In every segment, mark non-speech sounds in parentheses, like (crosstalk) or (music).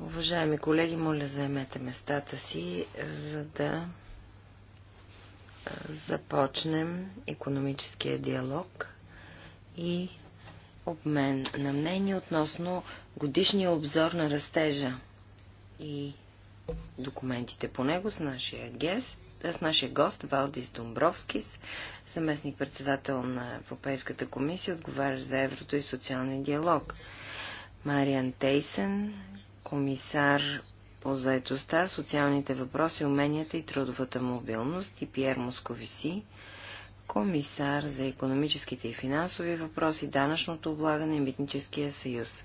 Уважаеми колеги, моля заемете местата си, за да започнем економическия диалог и обмен на мнение относно годишния обзор на растежа и документите по него с нашия гест с нашия гост Валдис Домбровскис, съместник председател на Европейската комисия, отговаря за еврото и социалния диалог. Мариан Тейсен, комисар по заедостта, социалните въпроси, уменията и трудовата мобилност и Пьер Московиси, комисар за економическите и финансови въпроси, данъчното облагане и митническия съюз.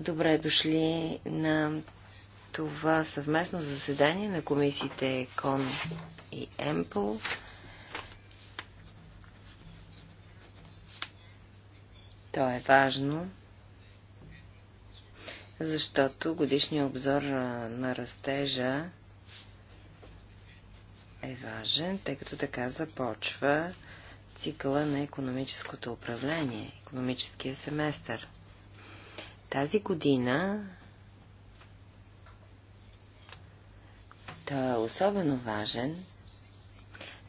Добре дошли на това съвместно заседание на комисиите КОН и ЕМПЛ. То е важно, защото годишният обзор на растежа е важен, тъй като така започва цикъла на економическото управление, економическия семестър. Тази година Той е особено важен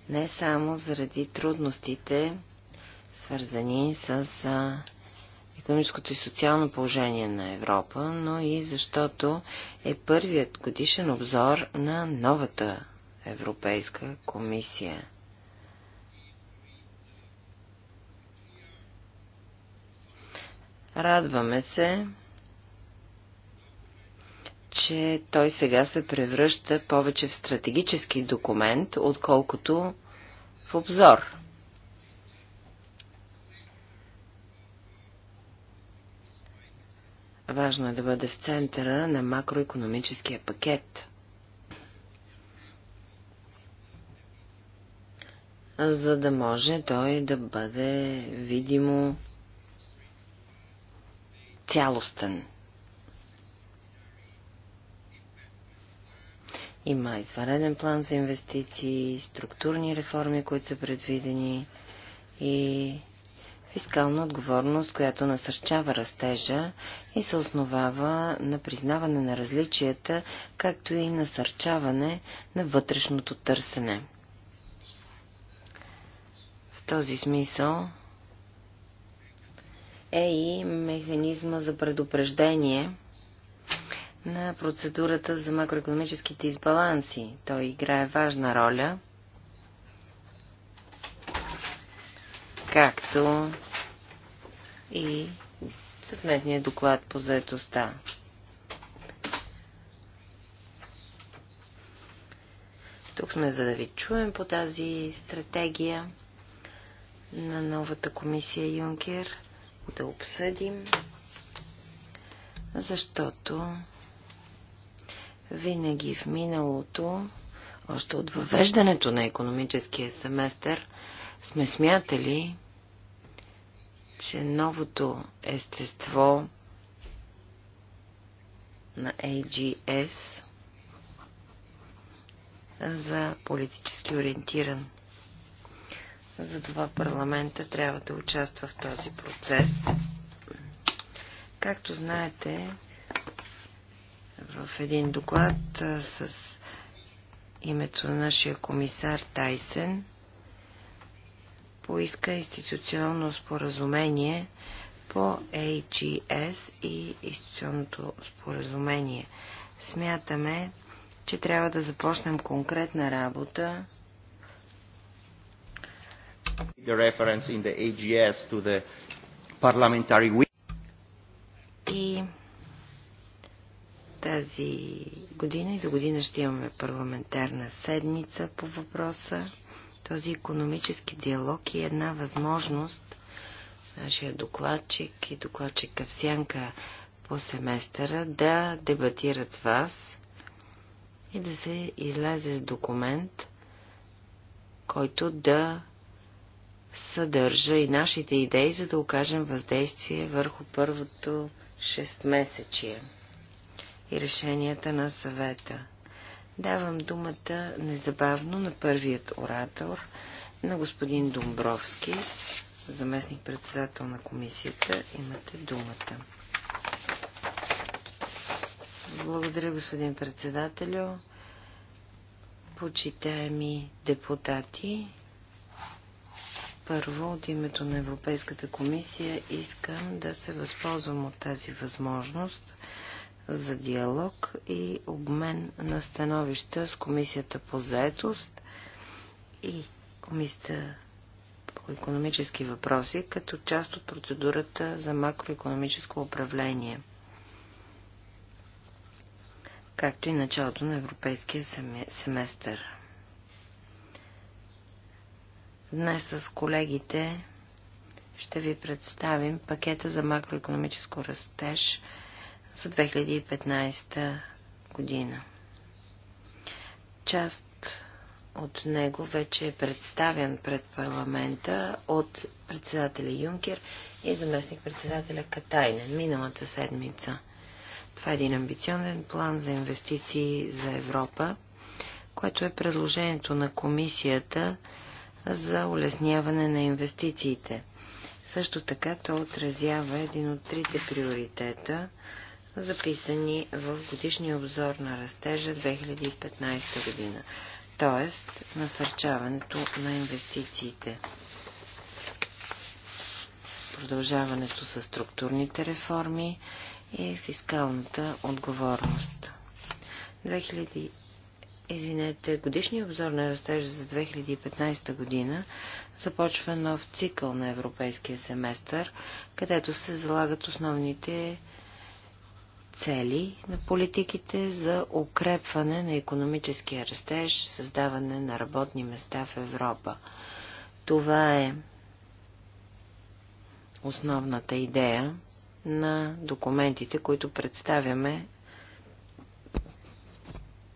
не само заради трудностите, свързани с економическото и социално положение на Европа, но и защото е първият годишен обзор на новата Европейска комисия. Радваме се, че той сега се превръща повече в стратегически документ, отколкото в обзор. Важно е да бъде в центъра на макроекономическия пакет. За да може той да бъде видимо цялостен. Има извареден план за инвестиции, структурни реформи, които са предвидени и фискална отговорност, която насърчава растежа и се основава на признаване на различията, както и насърчаване на вътрешното търсене. В този смисъл е и механизма за предупреждение – на процедурата за макроекономическите избаланси. Той играе важна роля, както и съвместния доклад по заедостта. Тук сме за да ви чуем по тази стратегия на новата комисия Юнкер, да обсъдим, защото винаги в миналото, още от въвеждането на економическия семестър, сме смятали, че новото естество на AGS за политически ориентиран. Затова парламента трябва да участва в този процес. Както знаете, в един доклад с името на нашия комисар Тайсен поиска институционно споразумение по AGS и институционното споразумение. Смятаме, че трябва да започнем конкретна работа the reference in the AGS to the parliamentary тази година и за година ще имаме парламентарна седмица по въпроса. Този економически диалог е една възможност нашия докладчик и докладчика в сянка по семестъра да дебатират с вас и да се излезе с документ, който да съдържа и нашите идеи, за да окажем въздействие върху първото шестмесечие и решенията на съвета. Давам думата незабавно на първият оратор, на господин Домбровски, заместник председател на комисията. Имате думата. Благодаря, господин председателю. Почитаеми депутати, първо от името на Европейската комисия искам да се възползвам от тази възможност за диалог и обмен на становища с Комисията по заетост и Комисията по економически въпроси, като част от процедурата за макроекономическо управление, както и началото на европейския семестър. Днес с колегите ще ви представим пакета за макроекономическо растеж – за 2015 година. Част от него вече е представен пред парламента от председателя Юнкер и заместник-председателя Катайнен миналата седмица. Това е един амбиционен план за инвестиции за Европа, което е предложението на комисията за улесняване на инвестициите. Също така то отразява един от трите приоритета записани в годишния обзор на растежа 2015 година, т.е. насърчаването на инвестициите, продължаването с структурните реформи и фискалната отговорност. 2000... Извинете, годишния обзор на растежа за 2015 година започва нов цикъл на европейския семестър, където се залагат основните цели на политиките за укрепване на економическия растеж, създаване на работни места в Европа. Това е основната идея на документите, които представяме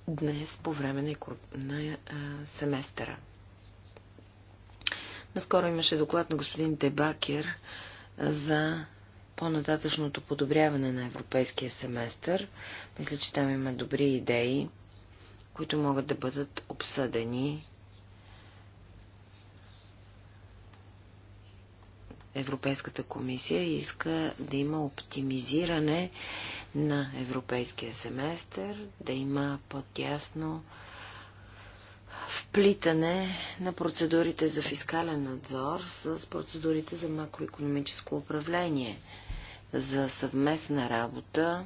днес по време на, на а, семестъра. Наскоро имаше доклад на господин Дебакер за по-нататъчното подобряване на европейския семестър. Мисля, че там има добри идеи, които могат да бъдат обсъдени. Европейската комисия иска да има оптимизиране на европейския семестър, да има по-тясно вплитане на процедурите за фискален надзор с процедурите за макроекономическо управление, за съвместна работа,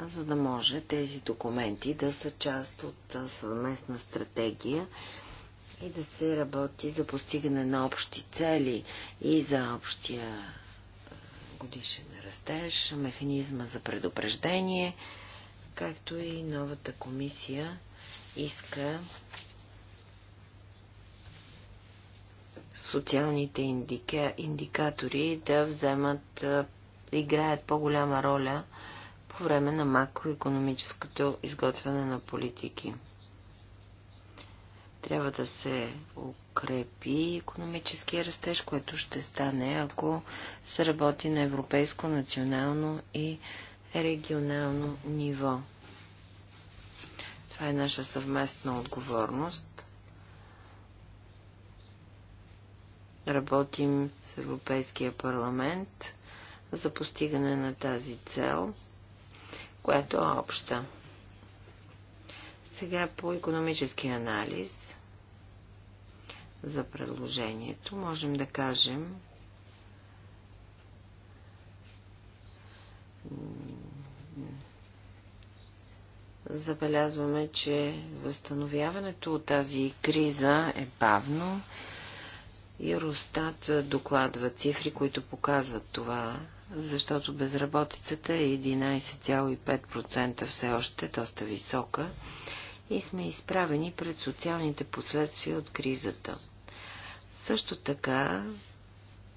за да може тези документи да са част от съвместна стратегия и да се работи за постигане на общи цели и за общия годишен растеж, механизма за предупреждение, както и новата комисия иска социалните индика... индикатори да вземат, да играят по-голяма роля по време на макроекономическото изготвяне на политики. Трябва да се укрепи економическия растеж, което ще стане, ако се работи на европейско, национално и регионално ниво. Това е наша съвместна отговорност. Работим с Европейския парламент за постигане на тази цел, която е обща. Сега по економически анализ за предложението можем да кажем, забелязваме, че възстановяването от тази криза е бавно. И Ростат докладва цифри, които показват това, защото безработицата е 11,5% все още, доста висока, и сме изправени пред социалните последствия от кризата. Също така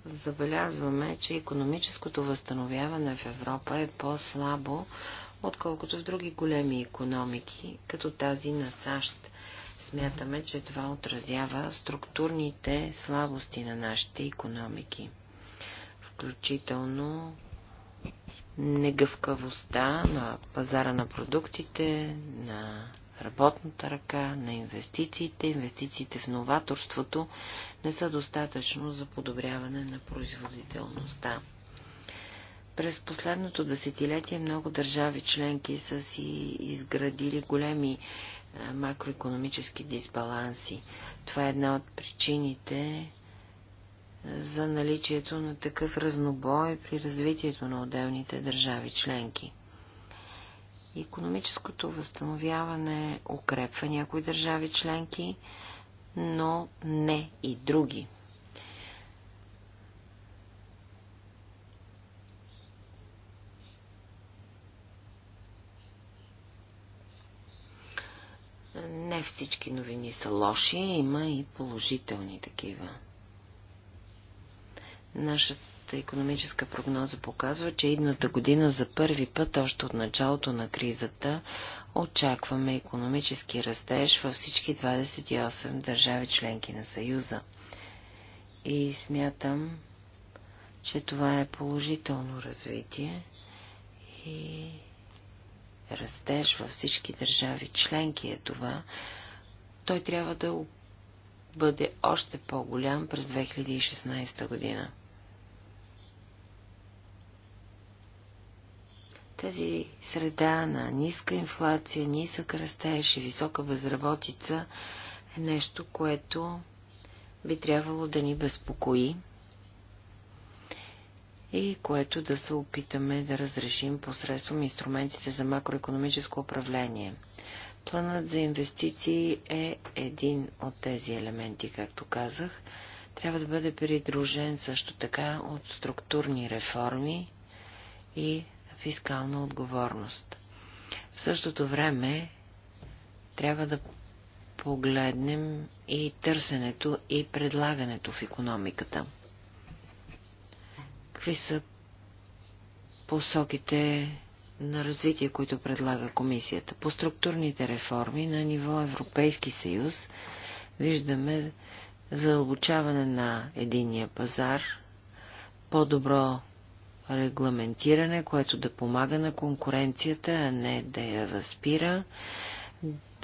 забелязваме, че економическото възстановяване в Европа е по-слабо отколкото в други големи економики, като тази на САЩ. Смятаме, че това отразява структурните слабости на нашите економики, включително негъвкавостта на пазара на продуктите, на работната ръка, на инвестициите. Инвестициите в новаторството не са достатъчно за подобряване на производителността. През последното десетилетие много държави членки са си изградили големи е, макроекономически дисбаланси. Това е една от причините е, за наличието на такъв разнобой при развитието на отделните държави членки. Економическото възстановяване укрепва някои държави членки, но не и други. всички новини са лоши, има и положителни такива. Нашата економическа прогноза показва, че идната година за първи път, още от началото на кризата, очакваме економически растеж във всички 28 държави членки на Съюза. И смятам, че това е положително развитие и растеж във всички държави членки е това, той трябва да бъде още по-голям през 2016 година. Тази среда на ниска инфлация, нисък растеж и висока безработица е нещо, което би трябвало да ни безпокои и което да се опитаме да разрешим посредством инструментите за макроекономическо управление. Планът за инвестиции е един от тези елементи, както казах. Трябва да бъде придружен също така от структурни реформи и фискална отговорност. В същото време трябва да погледнем и търсенето и предлагането в економиката – Какви са посоките на развитие, които предлага комисията? По структурните реформи на ниво Европейски съюз виждаме задълбочаване на единния пазар, по-добро регламентиране, което да помага на конкуренцията, а не да я възпира,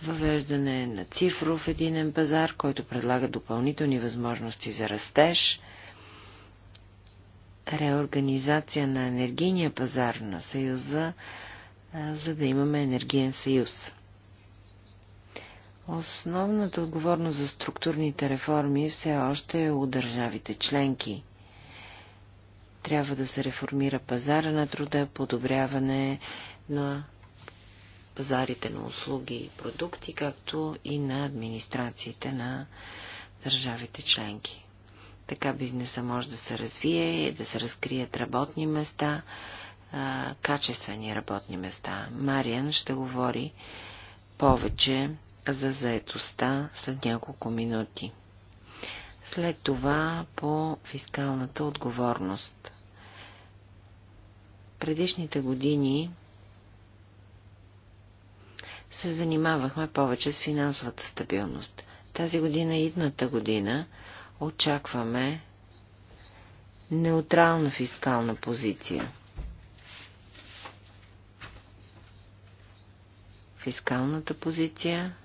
въвеждане на цифров единен пазар, който предлага допълнителни възможности за растеж, реорганизация на енергийния пазар на Съюза, за да имаме енергиен съюз. Основната отговорност за структурните реформи все още е у държавите членки. Трябва да се реформира пазара на труда, подобряване на пазарите на услуги и продукти, както и на администрациите на държавите членки. Така бизнеса може да се развие, да се разкрият работни места, качествени работни места. Мариан ще говори повече за заетостта след няколко минути. След това по фискалната отговорност. Предишните години се занимавахме повече с финансовата стабилност. Тази година, идната година, очакваме неутрална фискална позиция. Фискалната позиция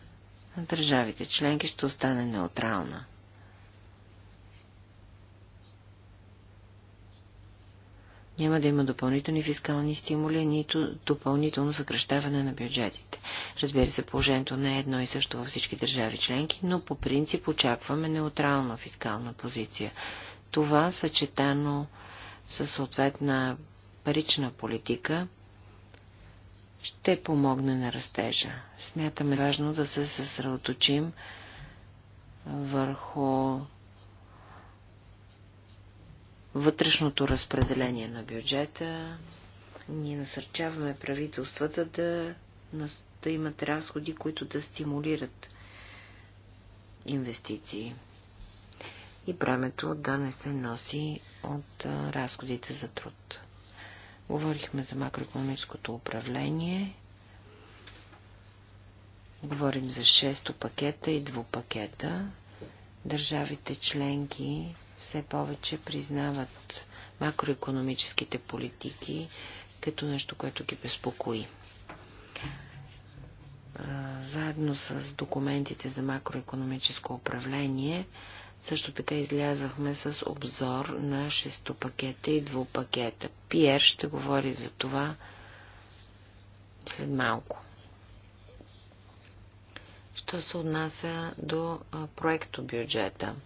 на държавите членки ще остане неутрална. Няма да има допълнителни фискални стимули, нито допълнително съкръщаване на бюджетите. Разбира се, положението не е едно и също във всички държави членки, но по принцип очакваме неутрална фискална позиция. Това съчетано със съответна парична политика ще помогне на растежа. Смятаме важно да се съсредоточим върху вътрешното разпределение на бюджета. Ние насърчаваме правителствата да, да имат разходи, които да стимулират инвестиции и бремето да не се носи от разходите за труд. Говорихме за макроекономическото управление. Говорим за шесто пакета и двупакета. Държавите членки все повече признават макроекономическите политики като нещо, което ги безпокои. Заедно с документите за макроекономическо управление, също така излязахме с обзор на шестопакета и двупакета. Пиер ще говори за това след малко. Що се отнася до проекто бюджета –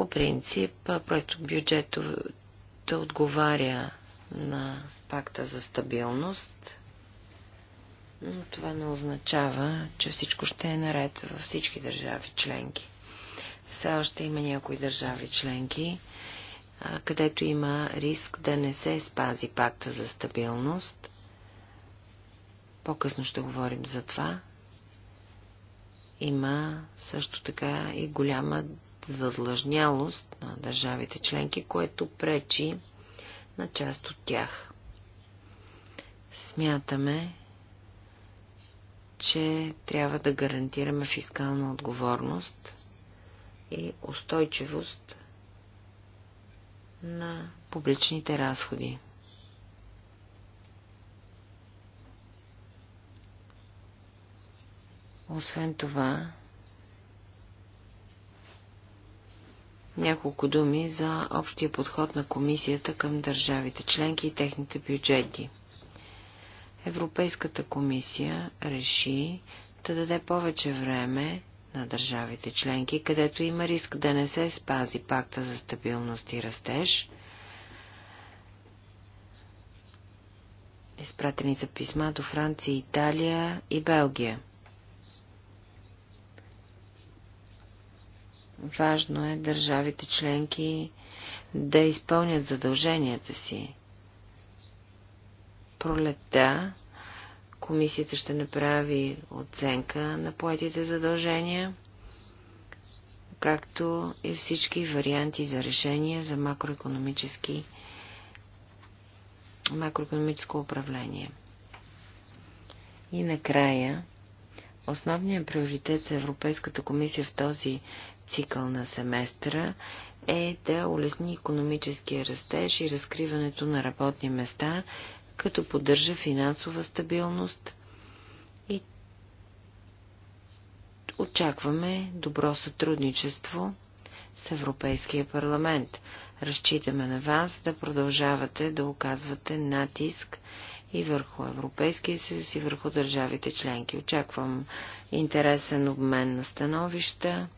По принцип, проектът да отговаря на пакта за стабилност, но това не означава, че всичко ще е наред във всички държави членки. Все още има някои държави членки, където има риск да не се спази пакта за стабилност. По-късно ще говорим за това. Има също така и голяма задлъжнялост на държавите членки, което пречи на част от тях. Смятаме, че трябва да гарантираме фискална отговорност и устойчивост на публичните разходи. Освен това, Няколко думи за общия подход на комисията към държавите членки и техните бюджети. Европейската комисия реши да даде повече време на държавите членки, където има риск да не се спази пакта за стабилност и растеж. Изпратени са писма до Франция, Италия и Белгия – Важно е държавите членки да изпълнят задълженията си. Пролетта комисията ще направи оценка на поетите задължения, както и всички варианти за решение за макроекономически макроекономическо управление. И накрая, основният приоритет за Европейската комисия в този цикъл на семестъра е да улесни економическия растеж и разкриването на работни места, като поддържа финансова стабилност и очакваме добро сътрудничество с Европейския парламент. Разчитаме на вас да продължавате да оказвате натиск и върху Европейския съюз и върху държавите членки. Очаквам интересен обмен на становища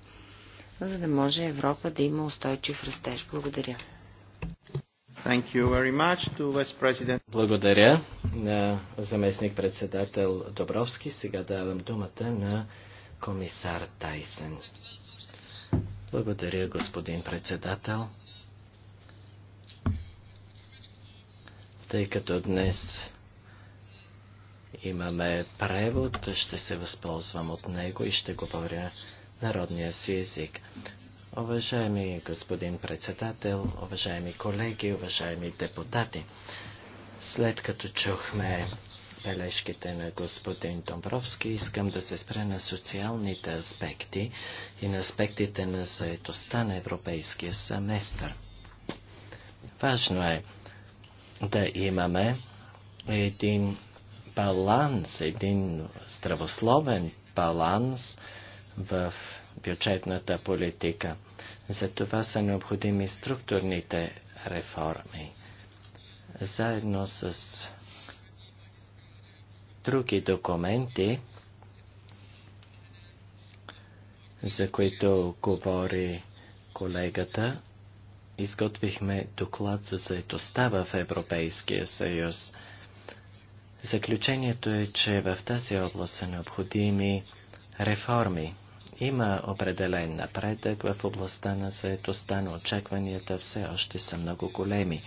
за да може Европа да има устойчив растеж. Благодаря. Thank you very much to West Благодаря на заместник-председател Добровски. Сега давам думата на комисар Тайсен. Благодаря, господин председател. Тъй като днес имаме превод, ще се възползвам от него и ще говоря народния си език. Уважаеми господин председател, уважаеми колеги, уважаеми депутати, след като чухме бележките на господин Домбровски, искам да се спре на социалните аспекти и на аспектите на заедостта на европейския семестър. Важно е да имаме един баланс, един здравословен баланс – в бюджетната политика. За това са необходими структурните реформи. Заедно с други документи, за които говори колегата, изготвихме доклад за заедостта в Европейския съюз. Заключението е, че в тази област са необходими реформи. Има определен напредък в областта на заетостта, но очакванията все още са много големи.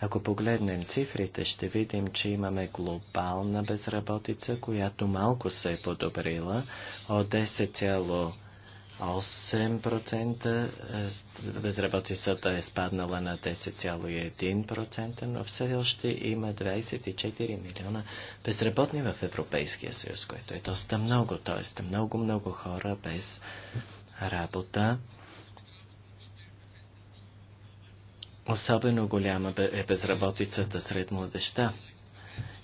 Ако погледнем цифрите, ще видим, че имаме глобална безработица, която малко се е подобрила от 8%, е, безработицата е спаднала на 10,1%, но все още има 24 милиона безработни в Европейския съюз, което е доста много, т.е. много-много хора без работа. Особено голяма е безработицата сред младеща.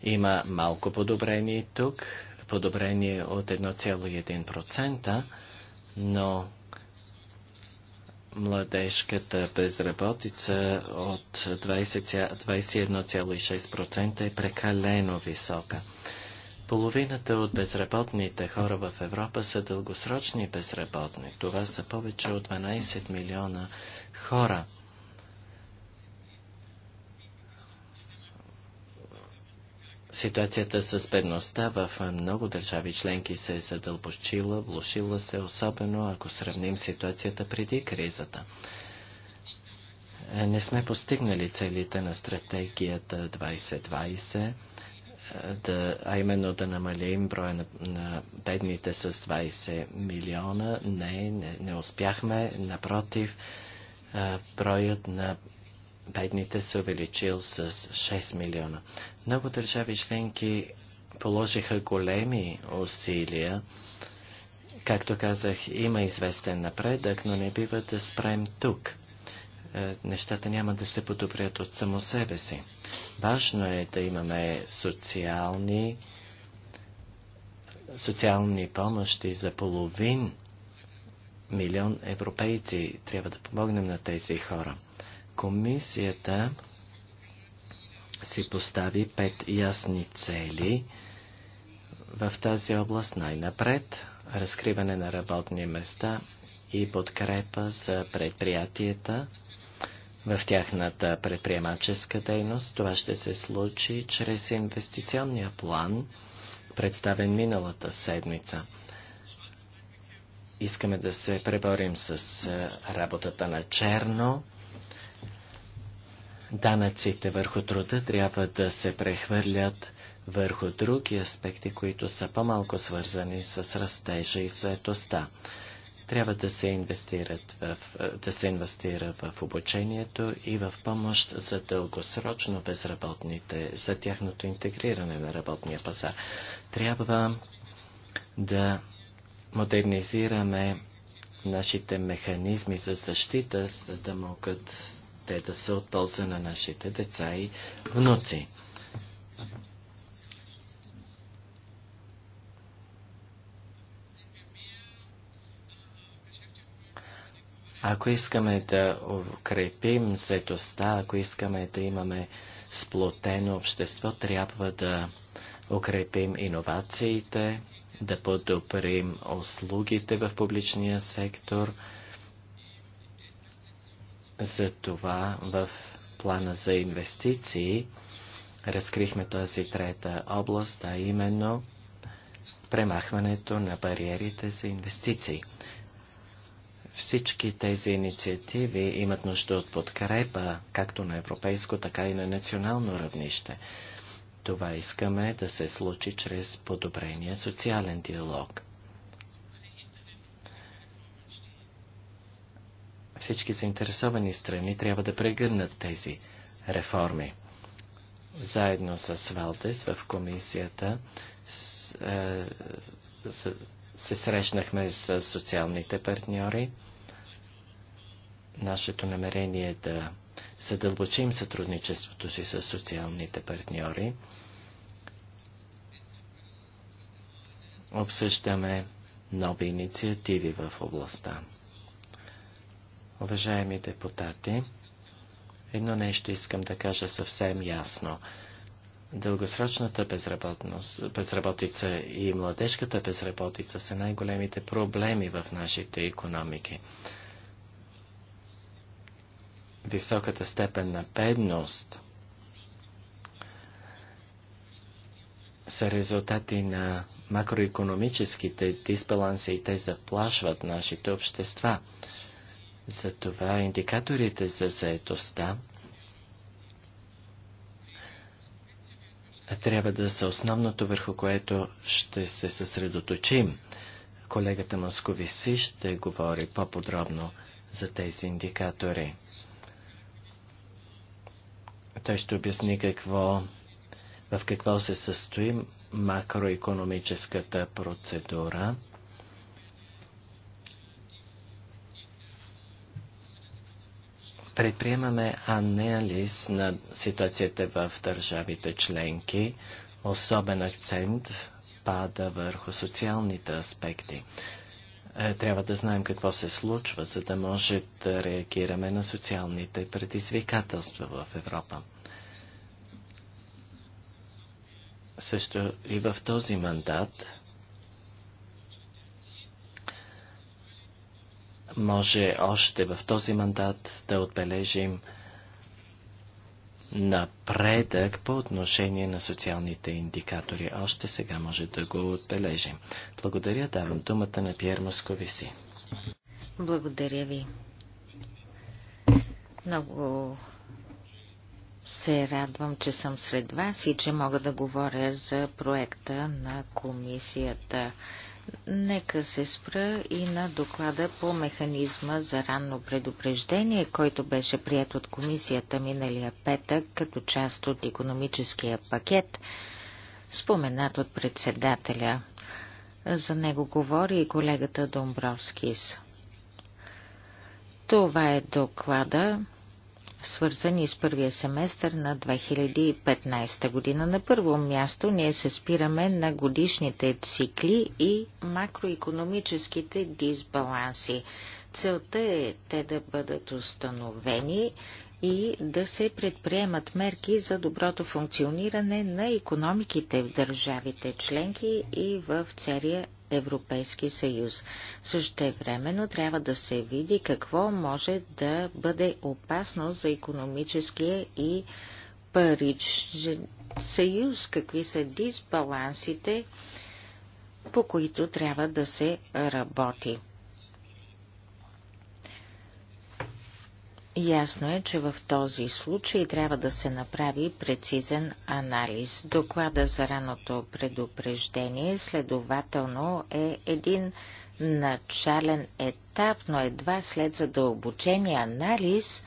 Има малко подобрение тук, подобрение от 1,1%, но младежката безработица от 21,6% е прекалено висока. Половината от безработните хора в Европа са дългосрочни безработни. Това са повече от 12 милиона хора. Ситуацията с бедността в много държави членки се е задълбочила, влушила се, особено ако сравним ситуацията преди кризата. Е, не сме постигнали целите на стратегията 2020, е, да, а именно да намалим броя на, на бедните с 20 милиона. Не, не, не успяхме. Напротив, е, броят на бедните се увеличил с 6 милиона. Много държави членки положиха големи усилия. Както казах, има известен напредък, но не бива да спрем тук. Е, нещата няма да се подобрят от само себе си. Важно е да имаме социални, социални помощи за половин милион европейци. Трябва да помогнем на тези хора. Комисията си постави пет ясни цели в тази област най-напред – разкриване на работни места и подкрепа за предприятията в тяхната предприемаческа дейност. Това ще се случи чрез инвестиционния план, представен миналата седмица. Искаме да се преборим с работата на черно – данъците върху труда трябва да се прехвърлят върху други аспекти, които са по-малко свързани с растежа и светоста. Трябва да се, инвестират в, да се инвестира в обучението и в помощ за дългосрочно безработните, за тяхното интегриране на работния пазар. Трябва да модернизираме нашите механизми за защита, за да могат те да са от полза на нашите деца и внуци. Ако искаме да укрепим заедостта, ако искаме да имаме сплотено общество, трябва да укрепим иновациите, да подобрим услугите в публичния сектор – за това в плана за инвестиции разкрихме тази трета област, а именно премахването на бариерите за инвестиции. Всички тези инициативи имат нужда от подкрепа, както на европейско, така и на национално равнище. Това искаме да се случи чрез подобрения социален диалог. Всички заинтересовани страни трябва да прегърнат тези реформи. Заедно с Валдес в комисията е, се срещнахме с социалните партньори. Нашето намерение е да задълбочим сътрудничеството си с социалните партньори. Обсъждаме нови инициативи в областта. Уважаеми депутати, едно нещо искам да кажа съвсем ясно. Дългосрочната безработица и младежката безработица са най-големите проблеми в нашите економики. Високата степен на бедност са резултати на макроекономическите дисбаланси и те заплашват нашите общества. Затова индикаторите за заетостта трябва да са основното върху което ще се съсредоточим. Колегата Московиси ще говори по-подробно за тези индикатори. Той ще обясни какво, в какво се състои макроекономическата процедура предприемаме анализ на ситуацията в държавите членки. Особен акцент пада върху социалните аспекти. Е, трябва да знаем какво се случва, за да може да реагираме на социалните предизвикателства в Европа. Също и в този мандат може още в този мандат да отбележим напредък по отношение на социалните индикатори. Още сега може да го отбележим. Благодаря, давам думата на Пьер Московиси. Благодаря ви. Много се радвам, че съм сред вас и че мога да говоря за проекта на комисията. Нека се спра и на доклада по механизма за ранно предупреждение, който беше прият от комисията миналия петък като част от економическия пакет, споменат от председателя. За него говори и колегата Домбровскис. Това е доклада, свързани с първия семестър на 2015 година. На първо място ние се спираме на годишните цикли и макроекономическите дисбаланси. Целта е те да бъдат установени и да се предприемат мерки за доброто функциониране на економиките в държавите членки и в целия Европейски съюз. времено трябва да се види какво може да бъде опасно за економическия и паричен съюз, какви са дисбалансите, по които трябва да се работи. Ясно е, че в този случай трябва да се направи прецизен анализ. Доклада за раното предупреждение следователно е един начален етап, но едва след задълбочения анализ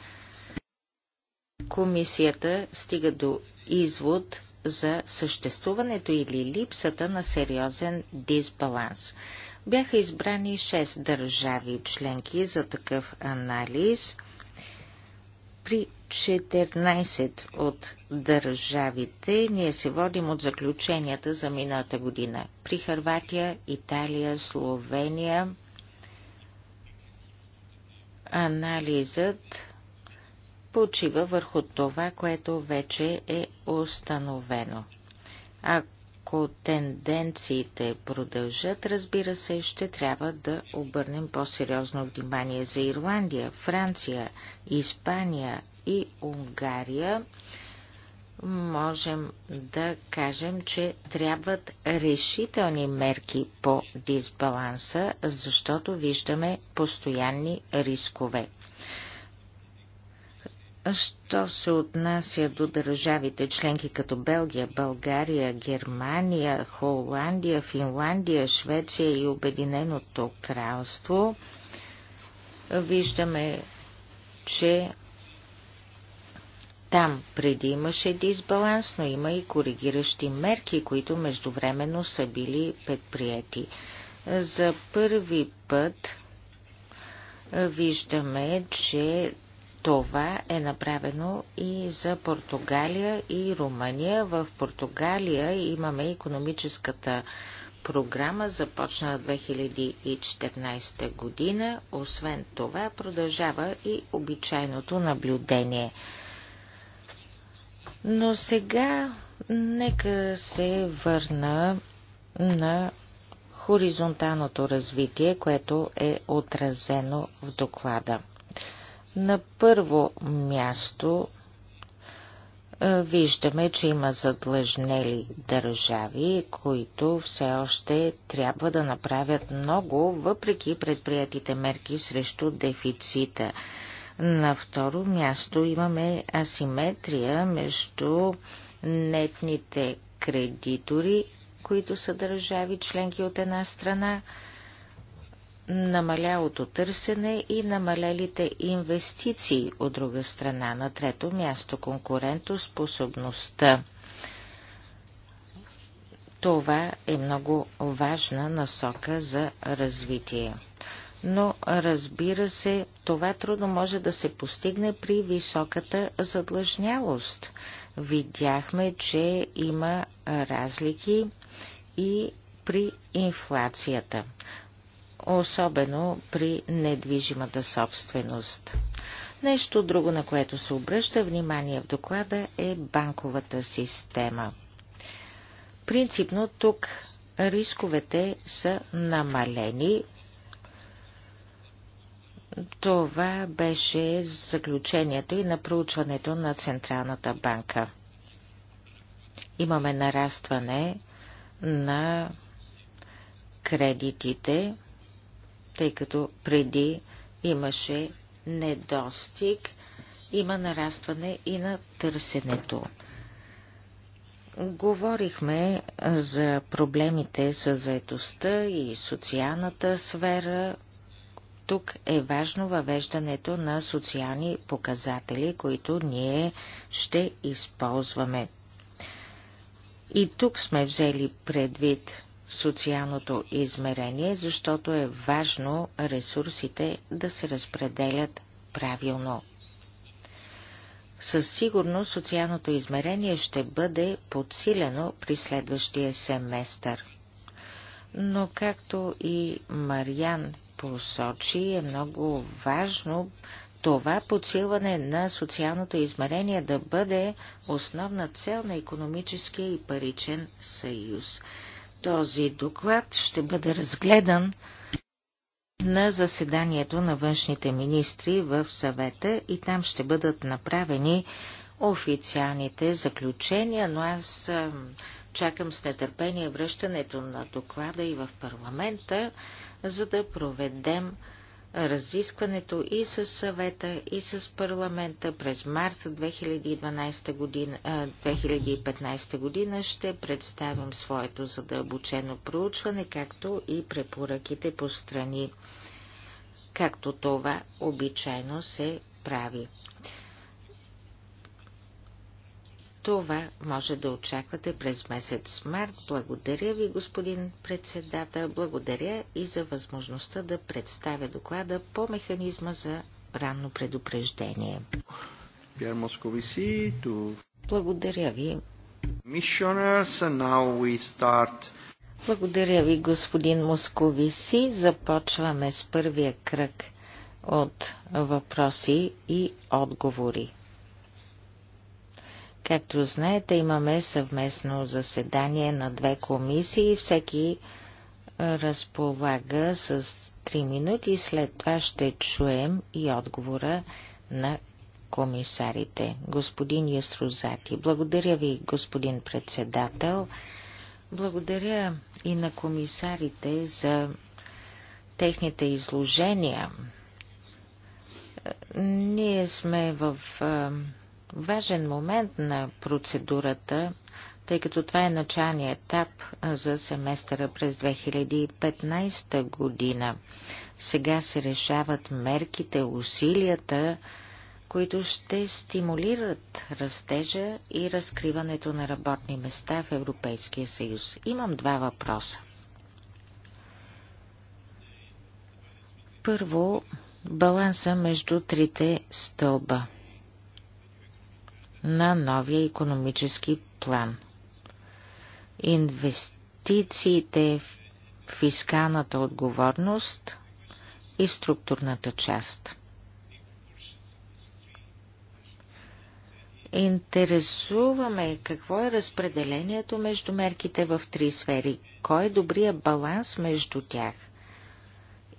комисията стига до извод за съществуването или липсата на сериозен дисбаланс. Бяха избрани 6 държави членки за такъв анализ – при 14 от държавите ние се водим от заключенията за миналата година. При Харватия, Италия, Словения анализът почива върху това, което вече е установено. Ако ако тенденциите продължат, разбира се, ще трябва да обърнем по-сериозно внимание за Ирландия, Франция, Испания и Унгария. Можем да кажем, че трябват решителни мерки по дисбаланса, защото виждаме постоянни рискове. Що се отнася до държавите членки като Белгия, България, Германия, Холандия, Финландия, Швеция и Обединеното кралство, виждаме, че там преди имаше дисбаланс, но има и коригиращи мерки, които междувременно са били предприяти. За първи път виждаме, че това е направено и за Португалия и Румъния. В Португалия имаме економическата програма, започна 2014 година. Освен това, продължава и обичайното наблюдение. Но сега нека се върна на хоризонталното развитие, което е отразено в доклада. На първо място е, виждаме, че има задлъжнели държави, които все още трябва да направят много, въпреки предприятите мерки срещу дефицита. На второ място имаме асиметрия между нетните кредитори, които са държави членки от една страна, намалялото търсене и намалелите инвестиции от друга страна. На трето място конкурентоспособността. Това е много важна насока за развитие. Но разбира се, това трудно може да се постигне при високата задлъжнялост. Видяхме, че има разлики и при инфлацията особено при недвижимата собственост. Нещо друго, на което се обръща внимание в доклада е банковата система. Принципно тук рисковете са намалени. Това беше заключението и на проучването на Централната банка. Имаме нарастване на кредитите тъй като преди имаше недостиг, има нарастване и на търсенето. Говорихме за проблемите с заедостта и социалната сфера. Тук е важно въвеждането на социални показатели, които ние ще използваме. И тук сме взели предвид социалното измерение, защото е важно ресурсите да се разпределят правилно. Със сигурност социалното измерение ще бъде подсилено при следващия семестър. Но както и Мариан посочи, е много важно това подсилване на социалното измерение да бъде основна цел на економическия и паричен съюз. Този доклад ще бъде разгледан на заседанието на външните министри в съвета и там ще бъдат направени официалните заключения, но аз чакам с нетърпение връщането на доклада и в парламента, за да проведем разискването и с съвета, и с парламента през март 2012 година, 2015 година ще представим своето задълбочено проучване, както и препоръките по страни, както това обичайно се прави. Това може да очаквате през месец март. Благодаря ви, господин председател. Благодаря и за възможността да представя доклада по механизма за ранно предупреждение. Благодаря ви. Благодаря ви, господин Московиси. Започваме с първия кръг от въпроси и отговори. Както знаете, имаме съвместно заседание на две комисии. Всеки е, разполага с 3 минути. След това ще чуем и отговора на комисарите. Господин Юсрозати, благодаря ви, господин председател. Благодаря и на комисарите за техните изложения. Е, ние сме в е, Важен момент на процедурата, тъй като това е началният етап за семестъра през 2015 година. Сега се решават мерките, усилията, които ще стимулират растежа и разкриването на работни места в Европейския съюз. Имам два въпроса. Първо, баланса между трите стълба – на новия економически план. Инвестициите в фискалната отговорност и структурната част. Интересуваме какво е разпределението между мерките в три сфери, кой е добрия баланс между тях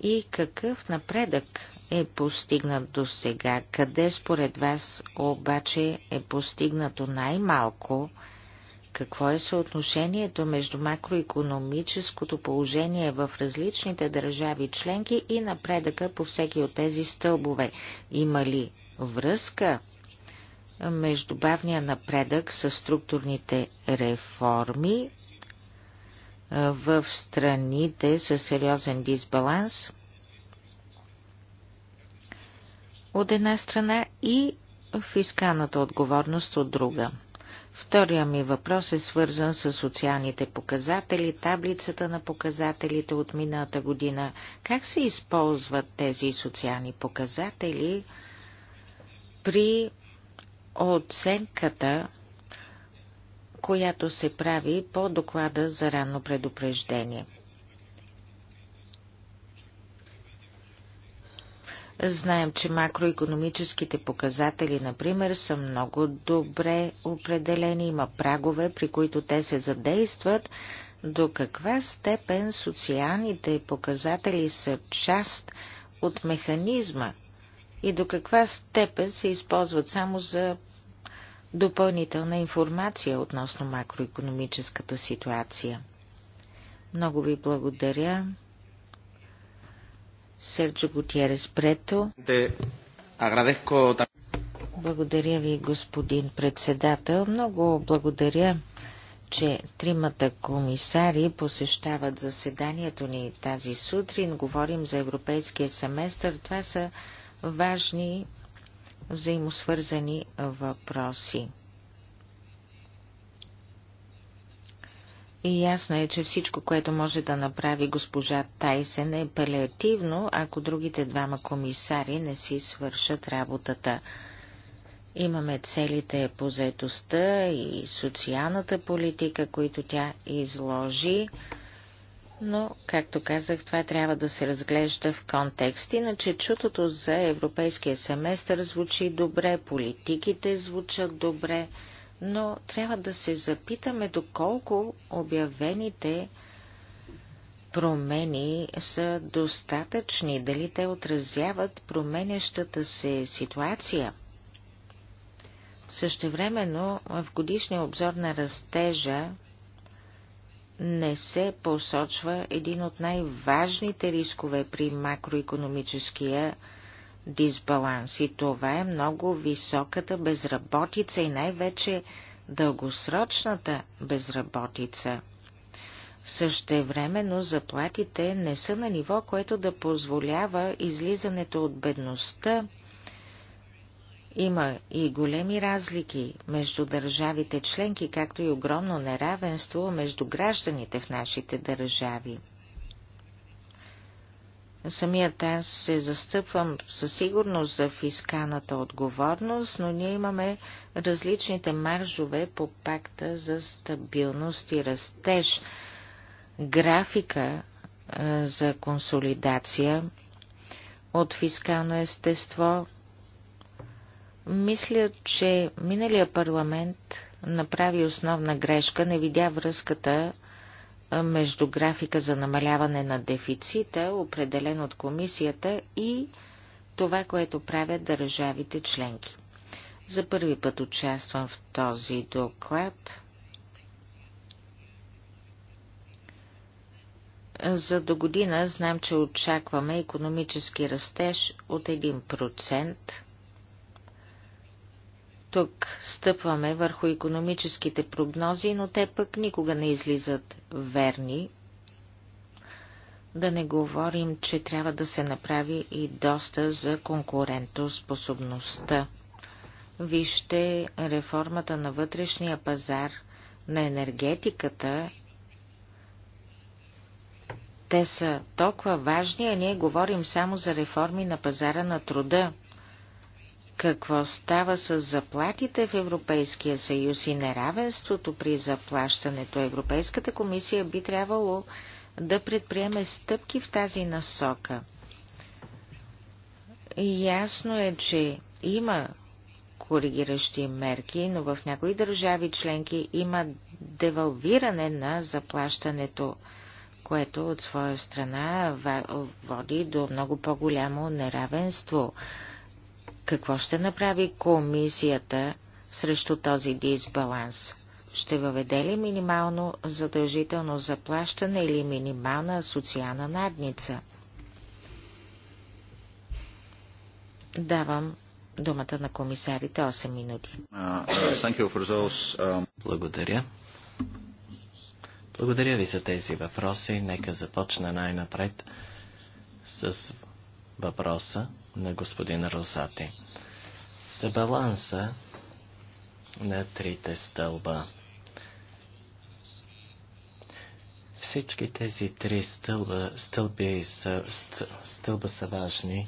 и какъв напредък е постигнат до сега? Къде според вас обаче е постигнато най-малко? Какво е съотношението между макроекономическото положение в различните държави членки и напредъка по всеки от тези стълбове? Има ли връзка между бавния напредък с структурните реформи в страните с сериозен дисбаланс от една страна и фискалната отговорност от друга. Втория ми въпрос е свързан с социалните показатели, таблицата на показателите от миналата година. Как се използват тези социални показатели при оценката, която се прави по доклада за ранно предупреждение? Знаем, че макроекономическите показатели, например, са много добре определени. Има прагове, при които те се задействат. До каква степен социалните показатели са част от механизма и до каква степен се използват само за допълнителна информация относно макроекономическата ситуация? Много ви благодаря. Серджо Гутиерес Прето. Благодаря ви, господин председател. Много благодаря, че тримата комисари посещават заседанието ни тази сутрин. Говорим за европейския семестър. Това са важни взаимосвързани въпроси. И ясно е, че всичко, което може да направи госпожа Тайсен е палеативно, ако другите двама комисари не си свършат работата. Имаме целите по заетостта и социалната политика, които тя изложи, но, както казах, това трябва да се разглежда в контекст. Иначе чутото за европейския семестър звучи добре, политиките звучат добре, но трябва да се запитаме доколко обявените промени са достатъчни, дали те отразяват променящата се ситуация. Същевременно в годишния обзор на растежа не се посочва един от най-важните рискове при макроекономическия дисбаланс. И това е много високата безработица и най-вече дългосрочната безработица. Същевременно заплатите не са на ниво, което да позволява излизането от бедността. Има и големи разлики между държавите членки, както и огромно неравенство между гражданите в нашите държави. Самият аз се застъпвам със сигурност за фискалната отговорност, но ние имаме различните маржове по пакта за стабилност и растеж. Графика за консолидация от фискално естество. Мисля, че миналия парламент направи основна грешка, не видя връзката между графика за намаляване на дефицита, определен от комисията, и това, което правят държавите членки. За първи път участвам в този доклад. За до година знам, че очакваме економически растеж от 1%. Тук стъпваме върху економическите прогнози, но те пък никога не излизат верни. Да не говорим, че трябва да се направи и доста за конкурентоспособността. Вижте реформата на вътрешния пазар на енергетиката. Те са толкова важни, а ние говорим само за реформи на пазара на труда какво става с заплатите в Европейския съюз и неравенството при заплащането. Европейската комисия би трябвало да предприеме стъпки в тази насока. Ясно е, че има коригиращи мерки, но в някои държави членки има девалвиране на заплащането, което от своя страна води до много по-голямо неравенство. Какво ще направи комисията срещу този дисбаланс? Ще въведе ли минимално задължително заплащане или минимална социална надница? Давам думата на комисарите 8 минути. Uh, um, Благодаря. Благодаря ви за тези въпроси. Нека започна най-напред с въпроса на господин Розати. За баланса на трите стълба. Всички тези три стълба, стълби са, стълба са важни.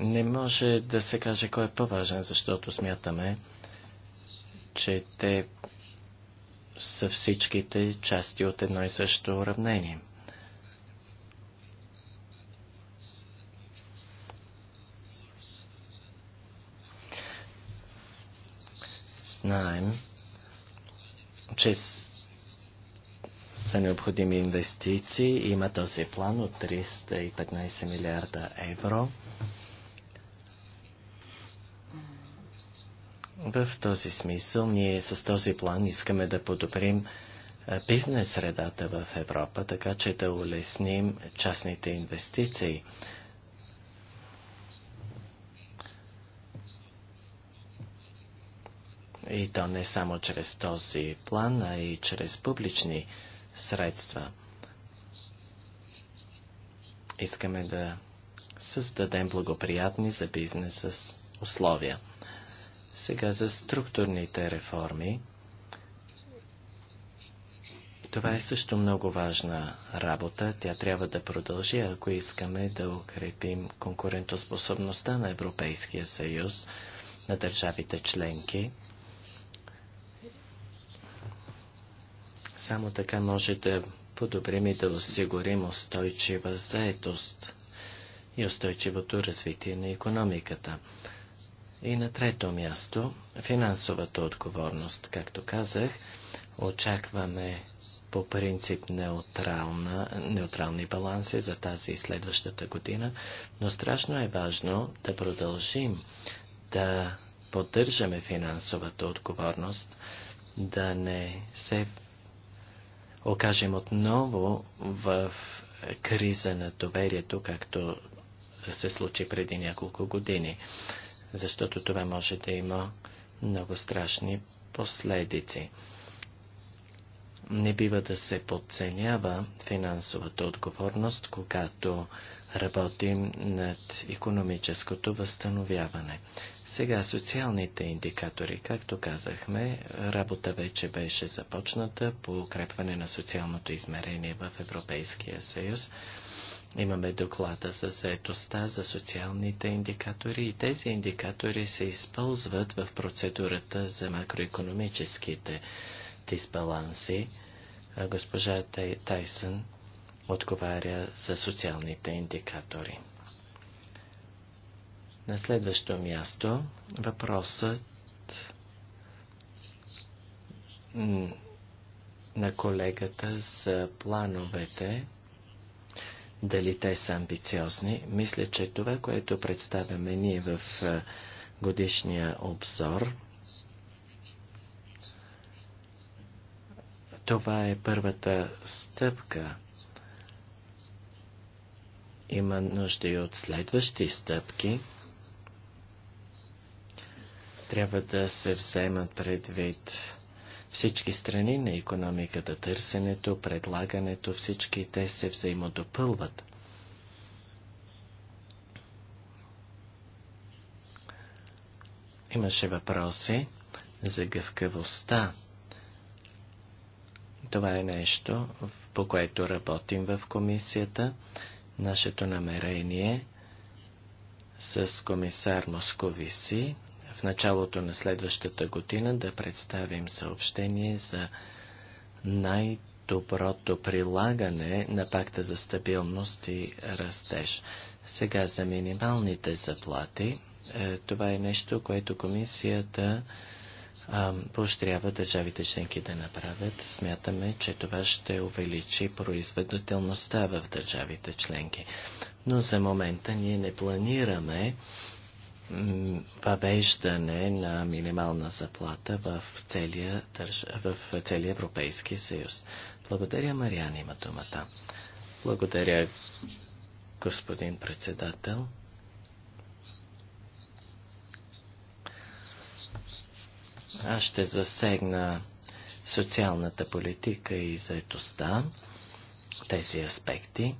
Не може да се каже кой е по-важен, защото смятаме, че те са всичките части от едно и също уравнение. Знаем, че са необходими инвестиции. Има този план от 315 милиарда евро. В този смисъл ние с този план искаме да подобрим бизнес средата в Европа, така че да улесним частните инвестиции. И то не само чрез този план, а и чрез публични средства. Искаме да създадем благоприятни за бизнеса условия. Сега за структурните реформи. Това е също много важна работа. Тя трябва да продължи, ако искаме да укрепим конкурентоспособността на Европейския съюз, на държавите членки. Само така може да подобрим и да осигурим устойчива заетост и устойчивото развитие на економиката. И на трето място, финансовата отговорност. Както казах, очакваме по принцип неутрална, неутрални баланси за тази и следващата година, но страшно е важно да продължим да поддържаме финансовата отговорност, да не се окажем отново в криза на доверието, както се случи преди няколко години защото това може да има много страшни последици. Не бива да се подценява финансовата отговорност, когато работим над економическото възстановяване. Сега социалните индикатори, както казахме, работа вече беше започната по укрепване на социалното измерение в Европейския съюз. Имаме доклада за заетостта, за социалните индикатори и тези индикатори се използват в процедурата за макроекономическите дисбаланси. Госпожа Тайсън отговаря за социалните индикатори. На следващо място въпросът на колегата за плановете дали те са амбициозни. Мисля, че това, което представяме ние в годишния обзор, това е първата стъпка. Има нужда и от следващи стъпки. Трябва да се вземат предвид всички страни на економиката, търсенето, предлагането, всички те се взаимодопълват. Имаше въпроси за гъвкавостта. Това е нещо, по което работим в комисията. Нашето намерение с комисар Московиси в началото на следващата година да представим съобщение за най-доброто прилагане на пакта за стабилност и растеж. Сега за минималните заплати. Е, това е нещо, което комисията поощрява държавите членки да направят. Смятаме, че това ще увеличи производителността в държавите членки. Но за момента ние не планираме въвеждане на минимална заплата в целия, държ... в целия Европейски съюз. Благодаря, Мариан има думата. Благодаря, господин председател. Аз ще засегна социалната политика и заетостта, тези аспекти.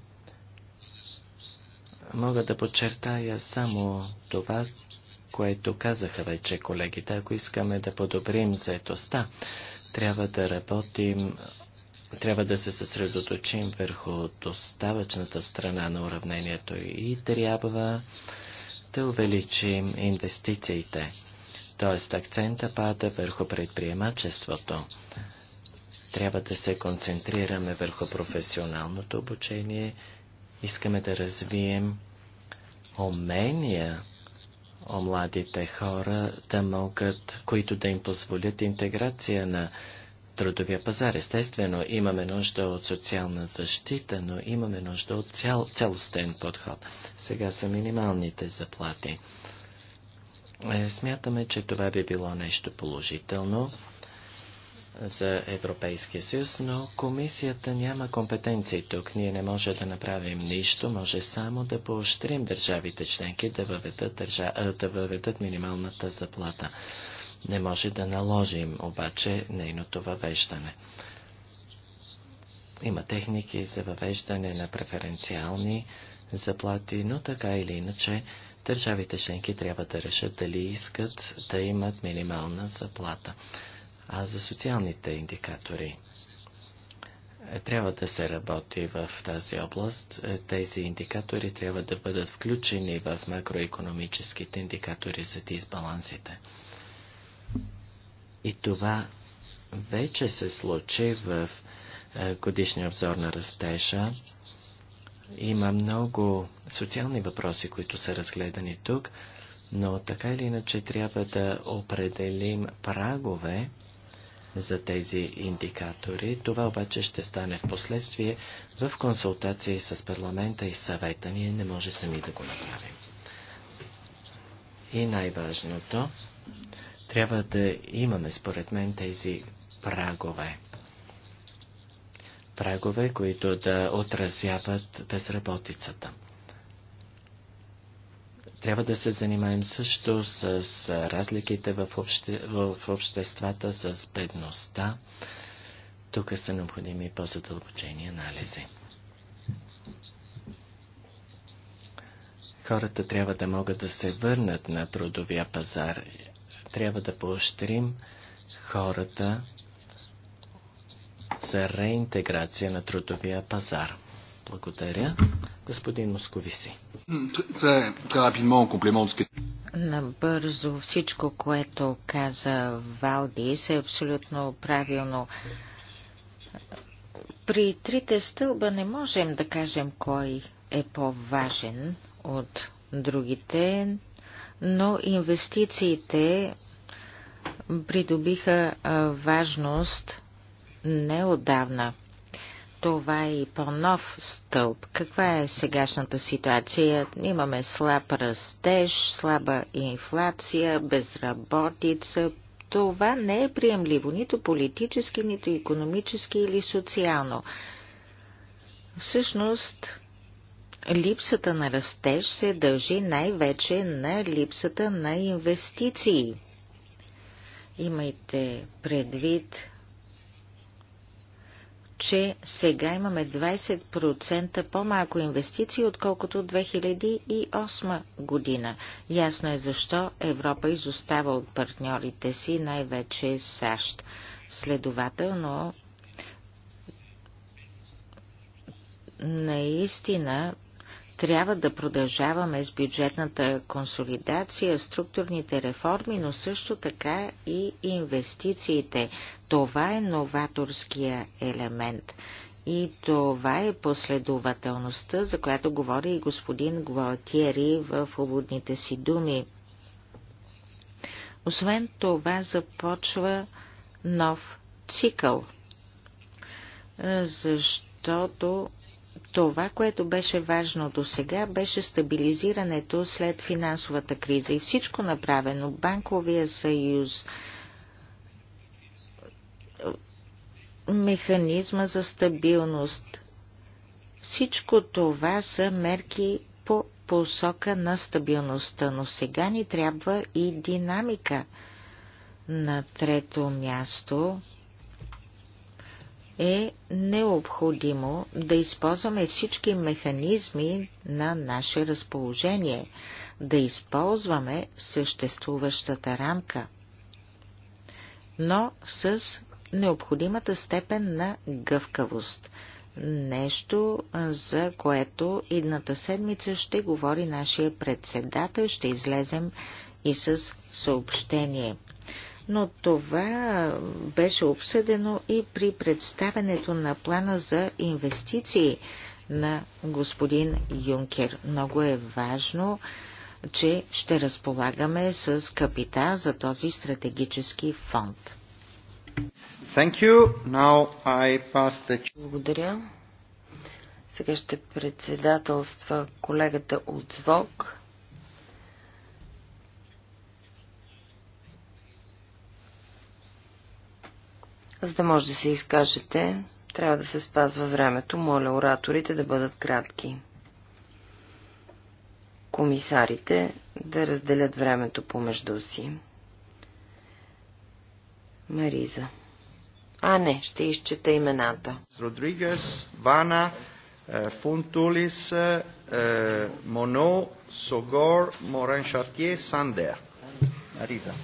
Мога да подчертая само това, което казаха вече колегите. Ако искаме да подобрим заетостта, трябва да работим трябва да се съсредоточим върху доставачната страна на уравнението и трябва да увеличим инвестициите. Т.е. акцента пада върху предприемачеството. Трябва да се концентрираме върху професионалното обучение Искаме да развием умения о младите хора да могат, които да им позволят интеграция на трудовия пазар. Естествено, имаме нужда от социална защита, но имаме нужда от цял, цялостен подход. Сега са минималните заплати. Е, смятаме, че това би било нещо положително за Европейския съюз, но комисията няма компетенции тук. Ние не може да направим нищо, може само да поощрим държавите членки да въведат, държа... да въведат минималната заплата. Не може да наложим обаче нейното въвеждане. Има техники за въвеждане на преференциални заплати, но така или иначе държавите членки трябва да решат дали искат да имат минимална заплата. А за социалните индикатори е, трябва да се работи в тази област. Е, тези индикатори трябва да бъдат включени в макроекономическите индикатори за дисбалансите. И това вече се случи в е, годишния обзор на растежа. Има много социални въпроси, които са разгледани тук, но така или иначе трябва да определим прагове, за тези индикатори. Това обаче ще стане в последствие в консултации с парламента и съвета. Ние не може сами да го направим. И най-важното, трябва да имаме според мен тези прагове. Прагове, които да отразяват безработицата. Трябва да се занимаем също с разликите в, обще, в обществата, с бедността. Тук са необходими по-задълбочени анализи. Хората трябва да могат да се върнат на трудовия пазар. Трябва да поощрим хората за реинтеграция на трудовия пазар. Благодаря. Господин Московиси. Набързо всичко, което каза Валдис е абсолютно правилно. При трите стълба не можем да кажем кой е по-важен от другите, но инвестициите придобиха важност неодавна – това е и по-нов стълб. Каква е сегашната ситуация? Имаме слаб растеж, слаба инфлация, безработица. Това не е приемливо нито политически, нито економически или социално. Всъщност, липсата на растеж се дължи най-вече на липсата на инвестиции. Имайте предвид че сега имаме 20% по-малко инвестиции, отколкото 2008 година. Ясно е защо Европа изостава от партньорите си, най-вече САЩ. Следователно, наистина трябва да продължаваме с бюджетната консолидация, структурните реформи, но също така и инвестициите. Това е новаторския елемент. И това е последователността, за която говори и господин Гуалтиери в уводните си думи. Освен това започва нов цикъл, защото това, което беше важно до сега, беше стабилизирането след финансовата криза и всичко направено. Банковия съюз, механизма за стабилност. Всичко това са мерки по посока на стабилността, но сега ни трябва и динамика. На трето място е необходимо да използваме всички механизми на наше разположение, да използваме съществуващата рамка, но с необходимата степен на гъвкавост. Нещо, за което идната седмица ще говори нашия председател, ще излезем и с съобщение – но това беше обсъдено и при представенето на плана за инвестиции на господин Юнкер. Много е важно, че ще разполагаме с капита за този стратегически фонд. Thank you. Now I pass the... Благодаря. Сега ще председателства колегата от ЗВОК. За да може да се изкажете, трябва да се спазва времето. Моля ораторите да бъдат кратки. Комисарите да разделят времето помежду си. Мариза. А, не, ще изчета имената. Родригес, Вана, е, Фунтулис, е, е, Моно, Согор, Морен Шартие, Сандер. Мариза.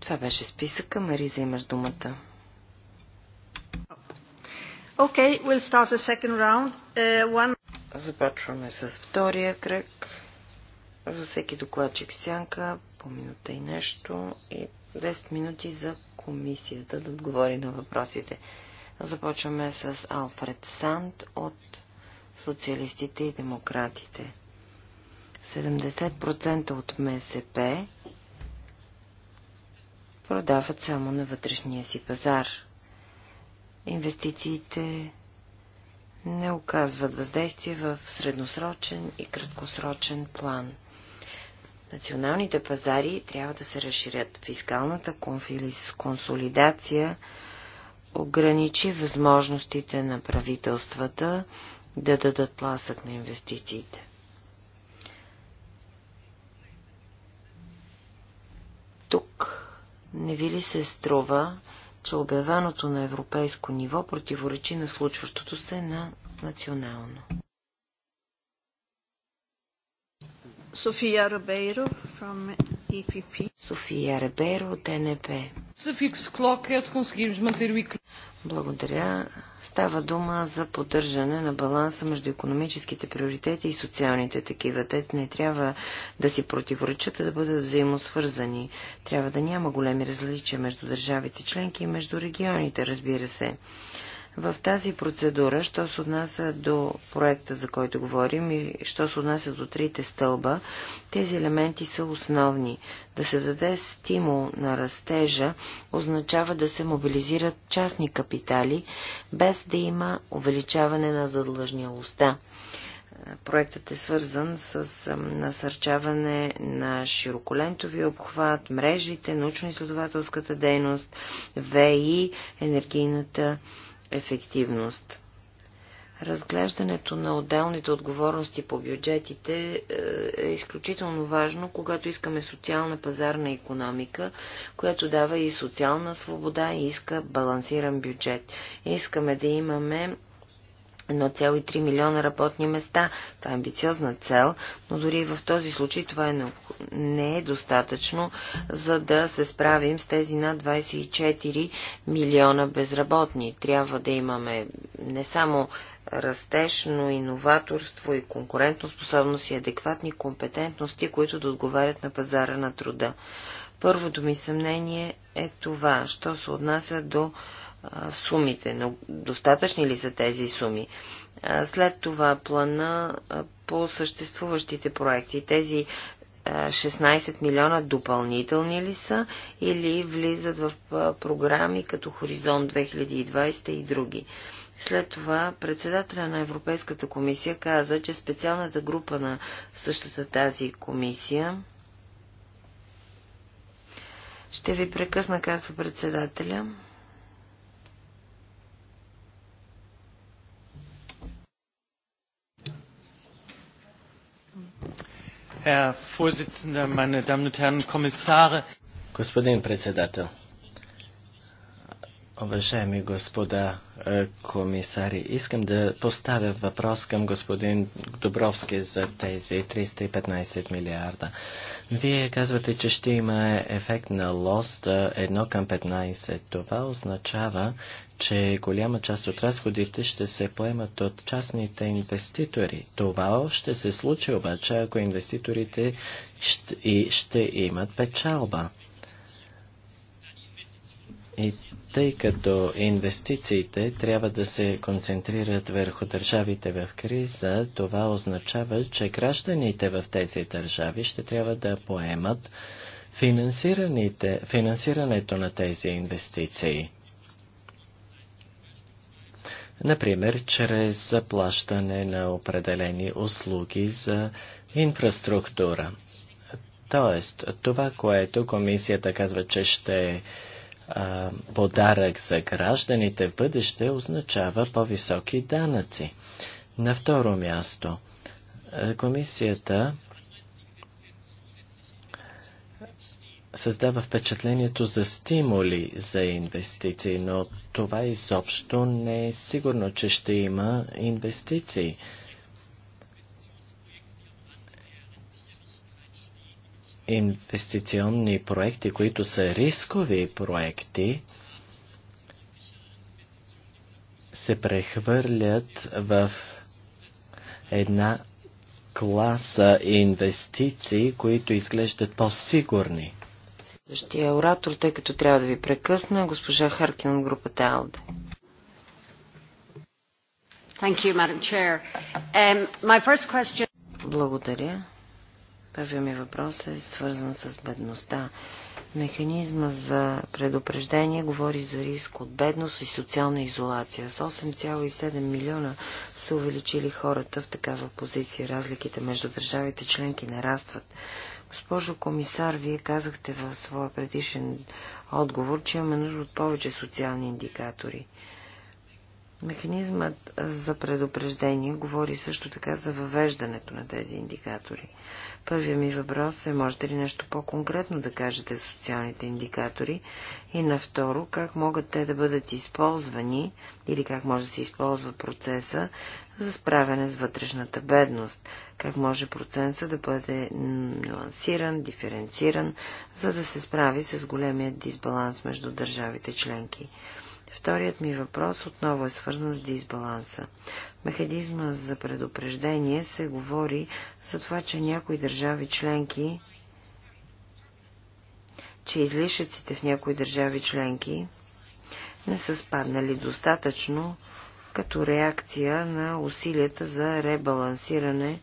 Това беше списъка. Мариза, имаш думата. Okay, we'll start the second round. Uh, one... Започваме с втория кръг. За всеки докладчик сянка по минута и нещо и 10 минути за комисията да отговори на въпросите. Започваме с Алфред Санд от социалистите и демократите. 70% от МСП продават само на вътрешния си пазар инвестициите не оказват въздействие в средносрочен и краткосрочен план. Националните пазари трябва да се разширят. Фискалната консолидация ограничи възможностите на правителствата да дадат ласък на инвестициите. Тук не ви ли се струва, че обявеното на европейско ниво противоречи на случващото се на национално. София Ребейро, from EPP. София от НП. Благодаря. Става дума за поддържане на баланса между економическите приоритети и социалните такива. Те не трябва да си противоречат, а да бъдат взаимосвързани. Трябва да няма големи различия между държавите членки и между регионите, разбира се. В тази процедура, що се отнася до проекта, за който говорим и що се отнася до трите стълба, тези елементи са основни. Да се даде стимул на растежа означава да се мобилизират частни капитали, без да има увеличаване на задлъжнялостта. Проектът е свързан с насърчаване на широколентови обхват, мрежите, научно-изследователската дейност, ВИ, енергийната ефективност. Разглеждането на отделните отговорности по бюджетите е, е изключително важно, когато искаме социална пазарна економика, която дава и социална свобода и иска балансиран бюджет. Искаме да имаме 1,3 милиона работни места. Това е амбициозна цел, но дори и в този случай това е не е достатъчно, за да се справим с тези над 24 милиона безработни. Трябва да имаме не само растеж, но и новаторство и конкурентоспособност и адекватни компетентности, които да отговарят на пазара на труда. Първото ми съмнение е това, що се отнася до сумите, но достатъчни ли са тези суми? След това плана по съществуващите проекти. Тези 16 милиона допълнителни ли са или влизат в програми като Хоризонт 2020 и други? След това председателя на Европейската комисия каза, че специалната група на същата тази комисия ще ви прекъсна, казва председателя. Господин председател, Уважаеми господа е, комисари, искам да поставя въпрос към господин Добровски за тези 315 милиарда. Вие казвате, че ще има ефект на лост 1 към 15. Това означава, че голяма част от разходите ще се поемат от частните инвеститори. Това ще се случи обаче, ако инвеститорите ще, ще имат печалба. И тъй като инвестициите трябва да се концентрират върху държавите в криза, това означава, че гражданите в тези държави ще трябва да поемат финансирането на тези инвестиции. Например, чрез заплащане на определени услуги за инфраструктура. Тоест, това, което комисията казва, че ще а, подарък за гражданите в бъдеще означава по-високи данъци. На второ място, комисията създава впечатлението за стимули за инвестиции, но това изобщо не е сигурно, че ще има инвестиции. инвестиционни проекти, които са рискови проекти, се прехвърлят в една класа инвестиции, които изглеждат по-сигурни. Следващия оратор, тъй като трябва да ви прекъсна, госпожа Харкин от групата АЛДЕ. Um, Благодаря. Първият ми въпрос е свързан с бедността. Механизма за предупреждение говори за риск от бедност и социална изолация. С 8,7 милиона са увеличили хората в такава позиция. Разликите между държавите членки нарастват. Госпожо комисар, вие казахте в своя предишен отговор, че имаме нужда от повече социални индикатори. Механизмът за предупреждение говори също така за въвеждането на тези индикатори. Първият ми въпрос е, можете ли нещо по-конкретно да кажете за социалните индикатори? И на второ, как могат те да бъдат използвани или как може да се използва процеса за справяне с вътрешната бедност? Как може процеса да бъде нюансиран, диференциран, за да се справи с големия дисбаланс между държавите членки? Вторият ми въпрос отново е свързан с дисбаланса. Механизма за предупреждение се говори за това, че някои държави членки, че излишъците в някои държави членки не са спаднали достатъчно като реакция на усилията за ребалансиране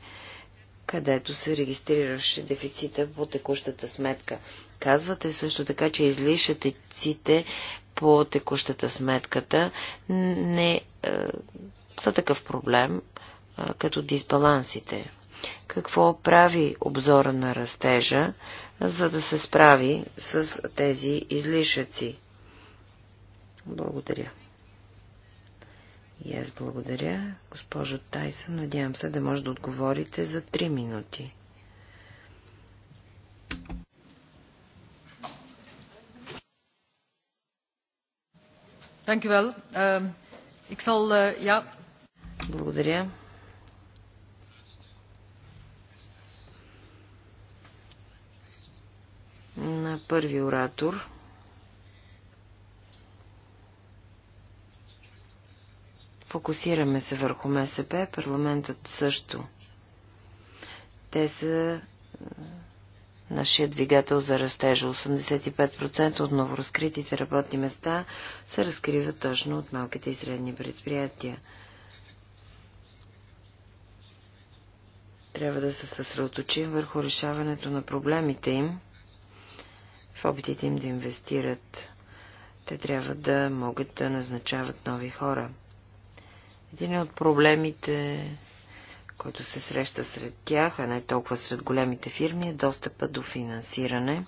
където се регистрираше дефицита по текущата сметка. Казвате също така, че излишъците по текущата сметката не е, са такъв проблем е, като дисбалансите. Какво прави обзора на растежа, за да се справи с тези излишъци? Благодаря. И аз благодаря, госпожо Тайсън, Надявам се да може да отговорите за 3 минути. Ehm, eh, Благодаря. На първи оратор. Фокусираме се върху МСП, парламентът също. Те са нашия двигател за растежа. 85% от новоразкритите работни места се разкриват точно от малките и средни предприятия. Трябва да се съсредоточим върху решаването на проблемите им, в опитите им да инвестират. Те трябва да могат да назначават нови хора. Един от проблемите който се среща сред тях, а не толкова сред големите фирми, е достъпа до финансиране,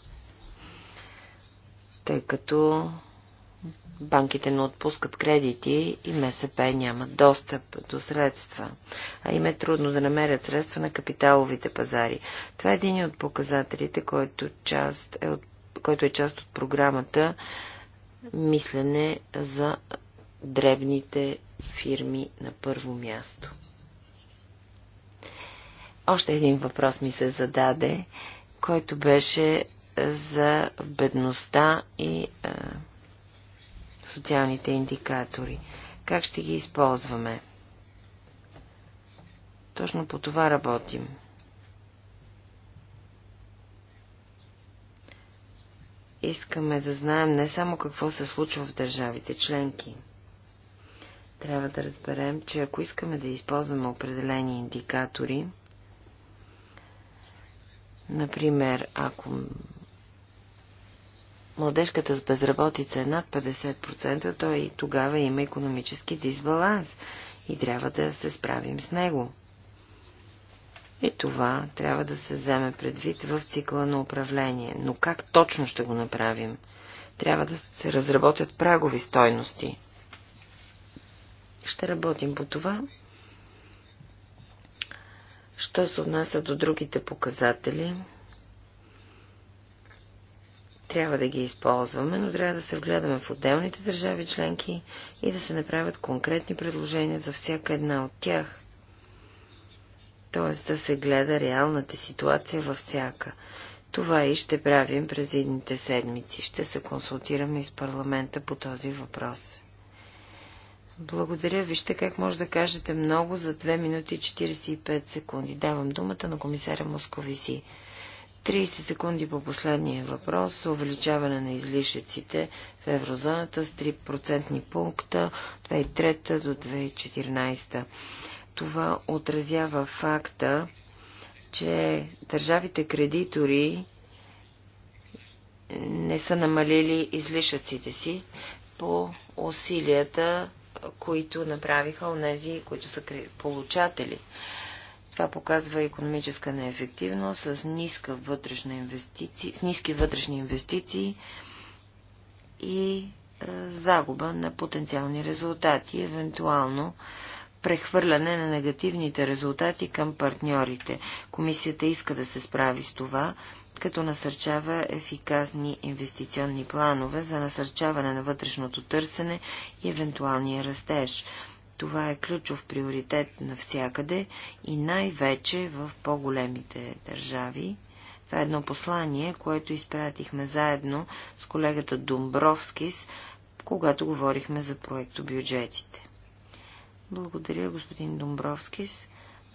тъй като банките не отпускат кредити и МСП нямат достъп до средства, а им е трудно да намерят средства на капиталовите пазари. Това е един от показателите, който, част е, от, който е част от програмата Мислене за дребните фирми на първо място. Още един въпрос ми се зададе, който беше за бедността и а, социалните индикатори. Как ще ги използваме? Точно по това работим. Искаме да знаем не само какво се случва в държавите членки. Трябва да разберем, че ако искаме да използваме определени индикатори, Например, ако младежката с безработица е над 50%, то и тогава има економически дисбаланс и трябва да се справим с него. И това трябва да се вземе предвид в цикла на управление. Но как точно ще го направим? Трябва да се разработят прагови стойности. Ще работим по това Що се отнася до другите показатели, трябва да ги използваме, но трябва да се вгледаме в отделните държави членки и да се направят конкретни предложения за всяка една от тях. Тоест да се гледа реалната ситуация във всяка. Това и ще правим през едните седмици. Ще се консултираме и с парламента по този въпрос. Благодаря. Вижте как може да кажете много за 2 минути и 45 секунди. Давам думата на комисаря Московиси. 30 секунди по последния въпрос. Увеличаване на излишъците в еврозоната с 3% пункта 2003 до 2014. Това отразява факта, че държавите кредитори не са намалили излишъците си по усилията които направиха онези, които са получатели. Това показва економическа неефективност с, ниска вътрешна инвестиции, с ниски вътрешни инвестиции и загуба на потенциални резултати, евентуално прехвърляне на негативните резултати към партньорите. Комисията иска да се справи с това, като насърчава ефикасни инвестиционни планове за насърчаване на вътрешното търсене и евентуалния растеж. Това е ключов приоритет навсякъде и най-вече в по-големите държави. Това е едно послание, което изпратихме заедно с колегата Думбровскис, когато говорихме за бюджетите. Благодаря, господин Домбровскис.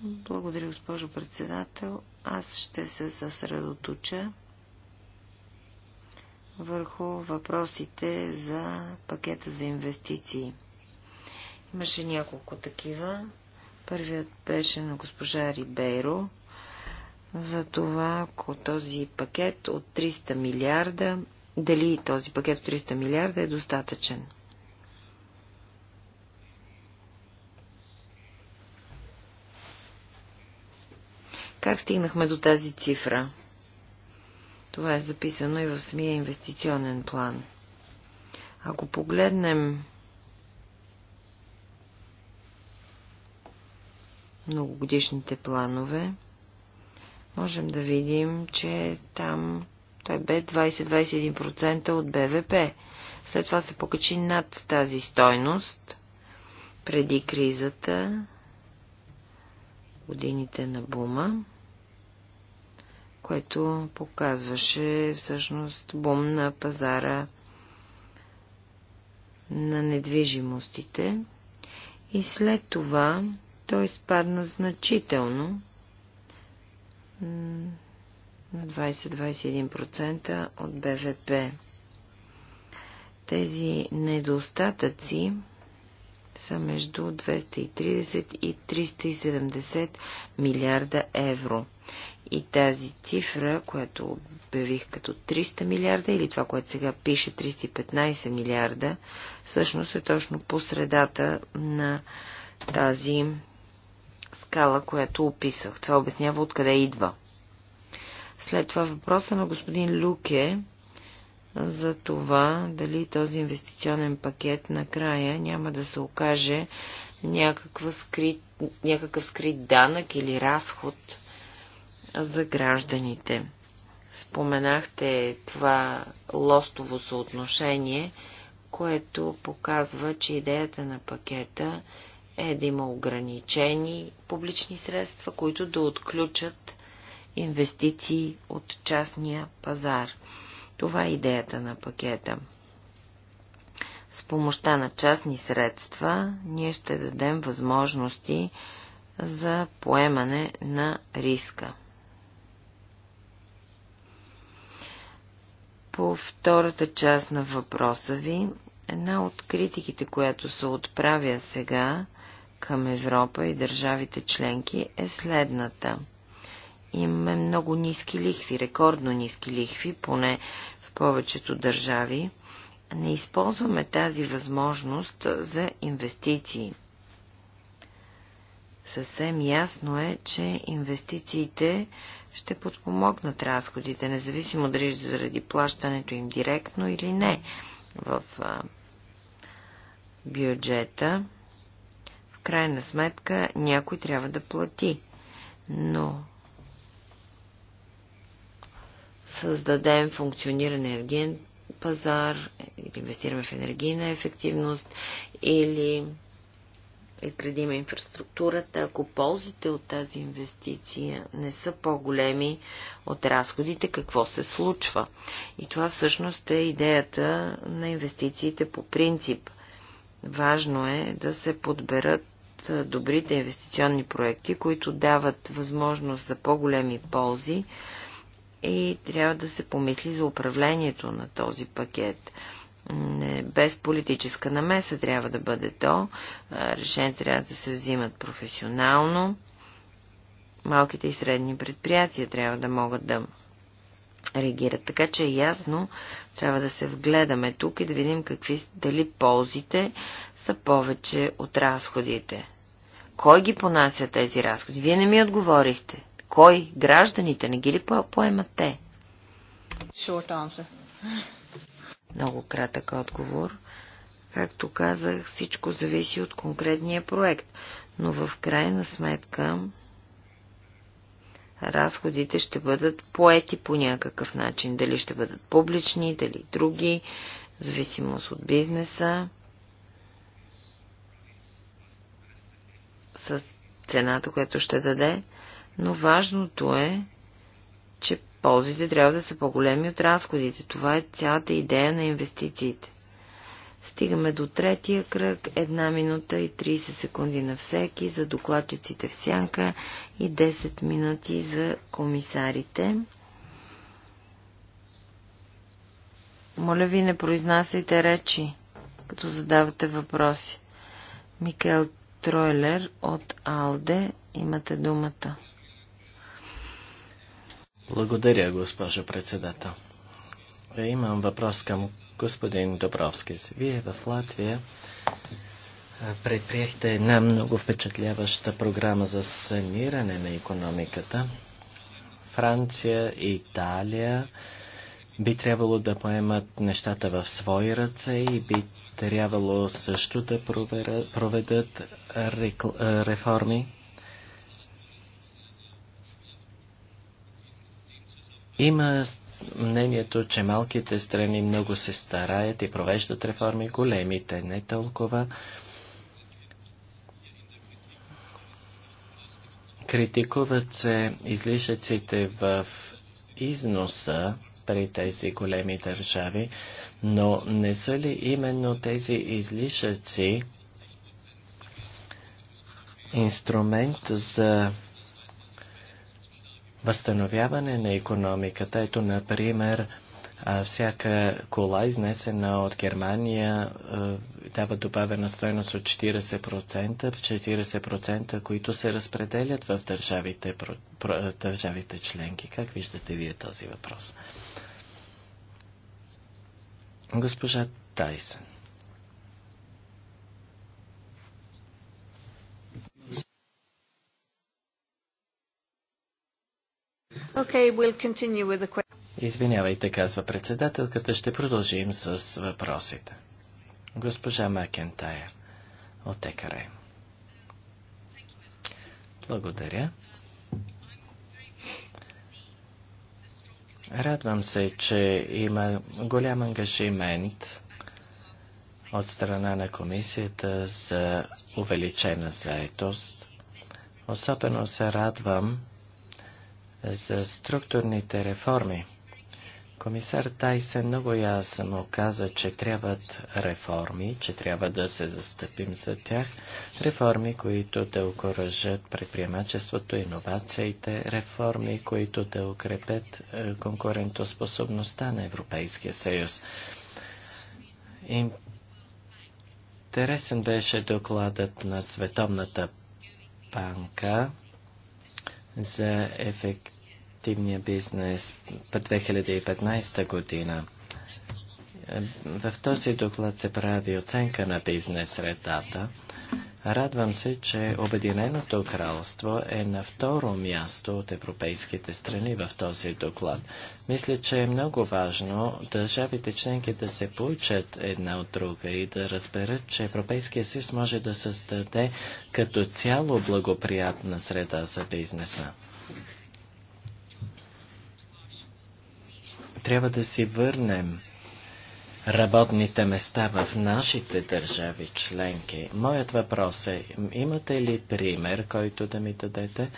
Благодаря, госпожо председател. Аз ще се съсредоточа върху въпросите за пакета за инвестиции. Имаше няколко такива. Първият беше на госпожа Рибейро за това, ако този пакет от 300 милиарда, дали този пакет от 300 милиарда е достатъчен. Как стигнахме до тази цифра? Това е записано и в самия инвестиционен план. Ако погледнем многогодишните планове, можем да видим, че там той бе 20-21% от БВП. След това се покачи над тази стойност преди кризата, годините на бума което показваше всъщност бум на пазара на недвижимостите и след това той спадна значително на 20-21% от БВП. Тези недостатъци са между 230 и 370 милиарда евро. И тази цифра, която обявих като 300 милиарда или това, което сега пише 315 милиарда, всъщност е точно по средата на тази скала, която описах. Това обяснява откъде идва. След това въпроса на господин Люке за това дали този инвестиционен пакет накрая няма да се окаже някаква скрит, някакъв скрит данък или разход за гражданите. Споменахте това лостово съотношение, което показва, че идеята на пакета е да има ограничени публични средства, които да отключат инвестиции от частния пазар. Това е идеята на пакета. С помощта на частни средства ние ще дадем възможности за поемане на риска. По втората част на въпроса ви, една от критиките, която се отправя сега към Европа и държавите членки е следната. Имаме много ниски лихви, рекордно ниски лихви, поне в повечето държави. Не използваме тази възможност за инвестиции. Съвсем ясно е, че инвестициите ще подпомогнат разходите, независимо дали е заради плащането им директно или не в бюджета. В крайна сметка някой трябва да плати, но създадем функциониран енергиен пазар, или инвестираме в енергийна ефективност, или изградим инфраструктурата, ако ползите от тази инвестиция не са по-големи от разходите, какво се случва? И това всъщност е идеята на инвестициите по принцип. Важно е да се подберат добрите инвестиционни проекти, които дават възможност за по-големи ползи и трябва да се помисли за управлението на този пакет не, без политическа намеса трябва да бъде то. Решение трябва да се взимат професионално. Малките и средни предприятия трябва да могат да реагират. Така че е ясно, трябва да се вгледаме тук и да видим какви, дали ползите са повече от разходите. Кой ги понася тези разходи? Вие не ми отговорихте. Кой? Гражданите не ги ли поемат те? Short answer. Много кратък отговор. Както казах, всичко зависи от конкретния проект, но в крайна сметка разходите ще бъдат поети по някакъв начин. Дали ще бъдат публични, дали други, в зависимост от бизнеса, с цената, която ще даде. Но важното е Ползите трябва да са по-големи от разходите. Това е цялата идея на инвестициите. Стигаме до третия кръг, една минута и 30 секунди на всеки за докладчиците в сянка и 10 минути за комисарите. Моля ви, не произнасяйте речи, като задавате въпроси. Микел Тройлер от Алде, имате думата. Благодаря, госпожо председател. Е, имам въпрос към господин Добровски. Вие в Латвия предприехте една много впечатляваща програма за саниране на економиката. Франция и Италия би трябвало да поемат нещата в свои ръце и би трябвало също да проведат реформи Има мнението, че малките страни много се стараят и провеждат реформи, големите не толкова. Критикуват се излишъците в износа при тези големи държави, но не са ли именно тези излишъци инструмент за възстановяване на економиката. Ето, например, всяка кола, изнесена от Германия, дава добавена стоеност от 40%, 40%, които се разпределят в държавите, държавите членки. Как виждате вие този въпрос? Госпожа Тайсън. Okay, we'll continue with the Извинявайте, казва председателката, ще продължим с въпросите. Госпожа Макентайр от Екаре. Благодаря. Радвам се, че има голям ангажимент от страна на комисията за увеличена заетост. Особено се радвам, за структурните реформи. Комисар Тайсен много ясно каза, че трябват реформи, че трябва да се застъпим за тях. Реформи, които да окоръжат предприемачеството, иновациите, реформи, които да укрепят е, конкурентоспособността на Европейския съюз. Интересен беше докладът на Световната банка за ефективния бизнес през 2015 година. Е, в този доклад се прави оценка на бизнес средата. Радвам се, че Обединеното кралство е на второ място от европейските страни в този доклад. Мисля, че е много важно държавите членки да се получат една от друга и да разберат, че Европейския съюз може да създаде като цяло благоприятна среда за бизнеса. Трябва да си върнем работните места в нашите държави членки. Моят въпрос е, имате ли пример, който да ми дадете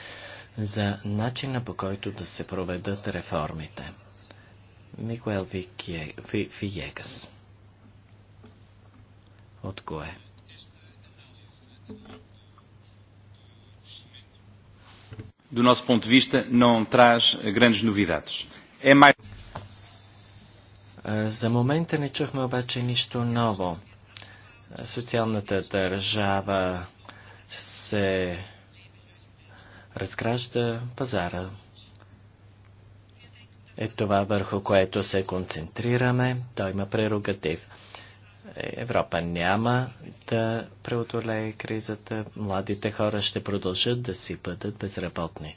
за начина по който да се проведат реформите? Микуел Виегас. От кое? Do nosso ponto de vista, não traz grandes novidades. É mais... Е, за момента не чухме обаче нищо ново. Е, социалната държава се разгражда пазара. Е това върху което се концентрираме. Той има прерогатив. Е, Европа няма да преодолее кризата. Младите хора ще продължат да си бъдат безработни.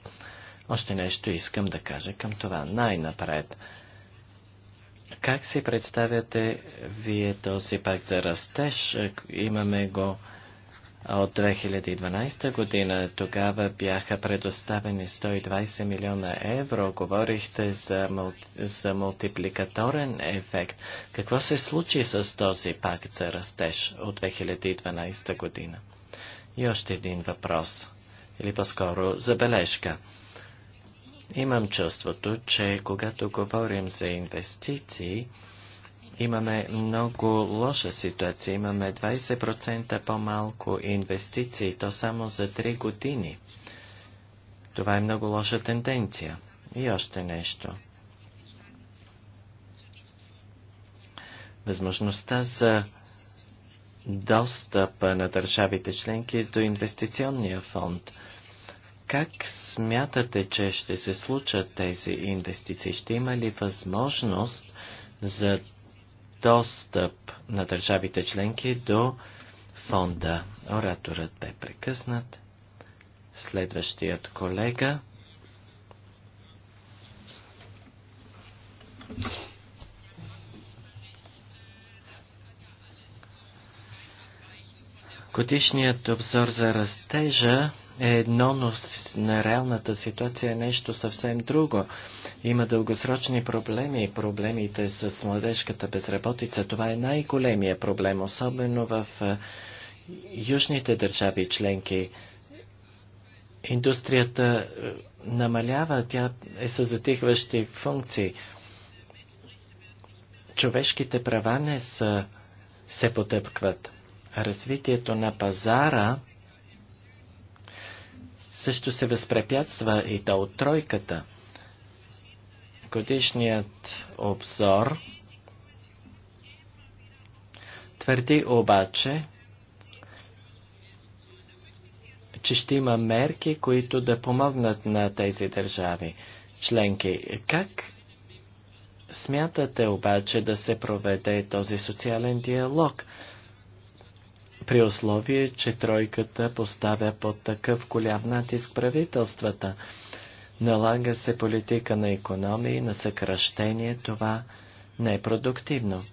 Още нещо искам да кажа към това. Най-напред. Как си представяте вие този пак за растеж? Имаме го от 2012 година. Тогава бяха предоставени 120 милиона евро. Говорихте за, мулти, за мултипликаторен ефект. Какво се случи с този пак за растеж от 2012 година? И още един въпрос, или по-скоро забележка. Имам чувството, че когато говорим за инвестиции, имаме много лоша ситуация. Имаме 20% по-малко инвестиции, то само за 3 години. Това е много лоша тенденция. И още нещо. Възможността за достъп на държавите членки до инвестиционния фонд – как смятате, че ще се случат тези инвестиции? Ще има ли възможност за достъп на държавите членки до фонда? Ораторът бе прекъснат. Следващият колега. Годишният обзор за растежа е едно, но на реалната ситуация е нещо съвсем друго. Има дългосрочни проблеми и проблемите с младежката безработица. Това е най-големия проблем, особено в южните държави членки. Индустрията намалява, тя е със затихващи функции. Човешките права не са, се потъпкват. Развитието на пазара – също се възпрепятства и то от тройката. Годишният обзор твърди обаче, че ще има мерки, които да помогнат на тези държави членки. Как смятате обаче да се проведе този социален диалог? при условие, че тройката поставя под такъв голям натиск правителствата. Налага се политика на економии, на съкръщение, това не е продуктивно.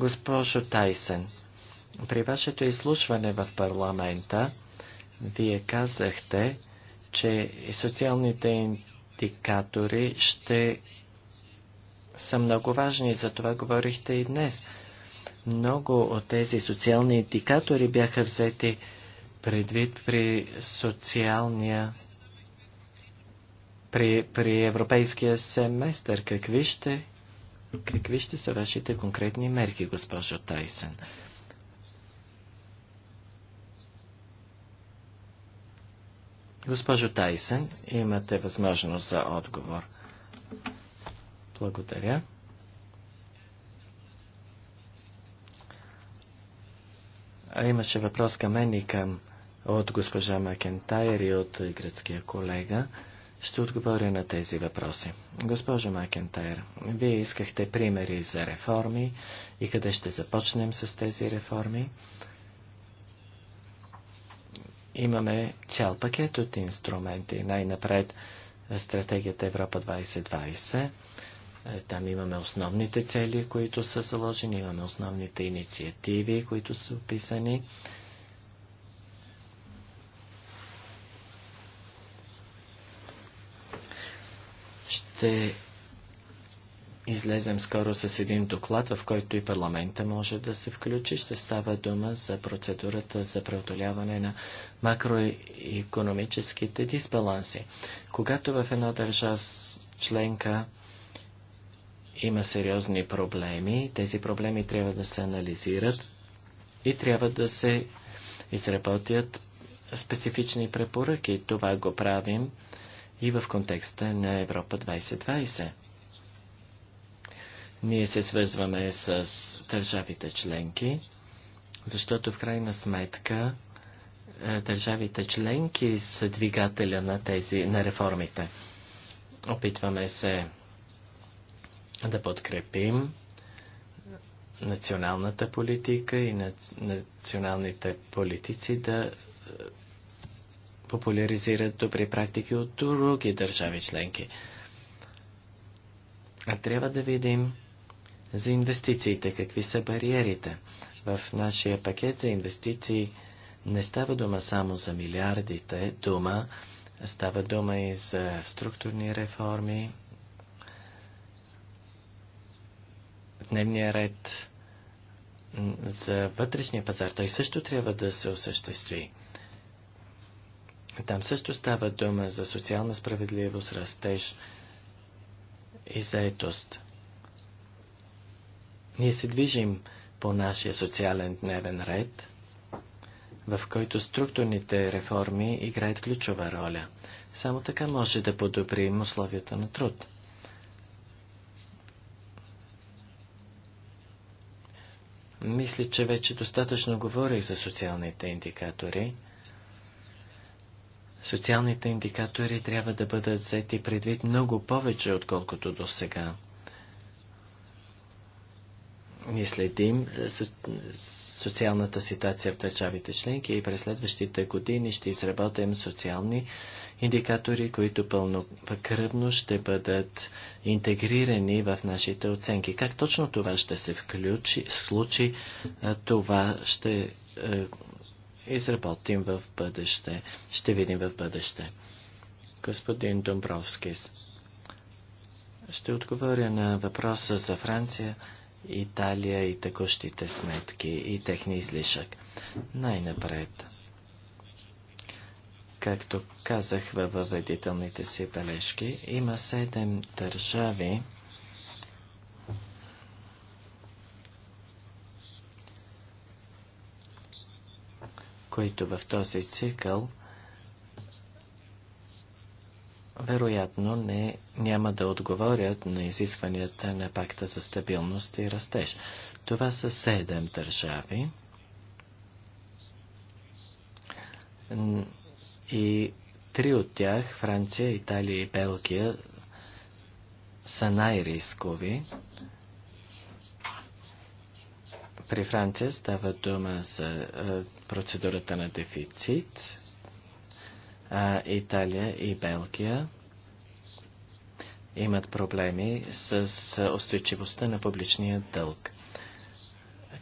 Госпожо Тайсен, при вашето изслушване в парламента, вие казахте, че социалните индикатори ще са много важни, за това говорихте и днес. Много от тези социални индикатори бяха взети предвид при социалния при, при европейския семестър. Какви ще, какви ще са вашите конкретни мерки, госпожо Тайсен? Госпожо Тайсен, имате възможност за отговор. Благодаря. Имаше въпрос към мен и към от госпожа Макентайр и от гръцкия колега. Ще отговоря на тези въпроси. Госпожо Макентайр, вие искахте примери за реформи и къде ще започнем с тези реформи. Имаме цял пакет от инструменти. Най-напред стратегията Европа 2020 е, там имаме основните цели, които са заложени, имаме основните инициативи, които са описани. Ще излезем скоро с един доклад, в който и парламента може да се включи. Ще става дума за процедурата за преодоляване на макроекономическите дисбаланси. Когато в една държава членка има сериозни проблеми. Тези проблеми трябва да се анализират и трябва да се изработят специфични препоръки. Това го правим и в контекста на Европа 2020. Ние се свързваме с държавите членки, защото в крайна сметка е, държавите членки са двигателя на тези на реформите. Опитваме се да подкрепим националната политика и националните политици да е, популяризират добри практики от други държави членки. А трябва да видим за инвестициите, какви са бариерите. В нашия пакет за инвестиции не става дума само за милиардите, дума, става дума и за структурни реформи, дневния ред за вътрешния пазар, той също трябва да се осъществи. Там също става дума за социална справедливост, растеж и заетост. Ние се движим по нашия социален дневен ред, в който структурните реформи играят ключова роля. Само така може да подобрим условията на труд. Мисля, че вече достатъчно говорих за социалните индикатори. Социалните индикатори трябва да бъдат взети предвид много повече, отколкото до сега. Ние следим е, социалната ситуация в държавите членки и през следващите години ще изработим социални индикатори, които пълнокръвно ще бъдат интегрирани в нашите оценки. Как точно това ще се включи, случи, е, това ще е, изработим в бъдеще, ще видим в бъдеще. Господин Домбровски, ще отговоря на въпроса за Франция. Италия и текущите сметки и техни излишък. Най-напред. Както казах във въведителните си бележки, има седем държави, които в този цикъл вероятно не, няма да отговорят на изискванията на пакта за стабилност и растеж. Това са седем държави и три от тях, Франция, Италия и Белгия, са най-рискови. При Франция става дума за е, процедурата на дефицит, а, Италия и Белгия имат проблеми с устойчивостта на публичния дълг.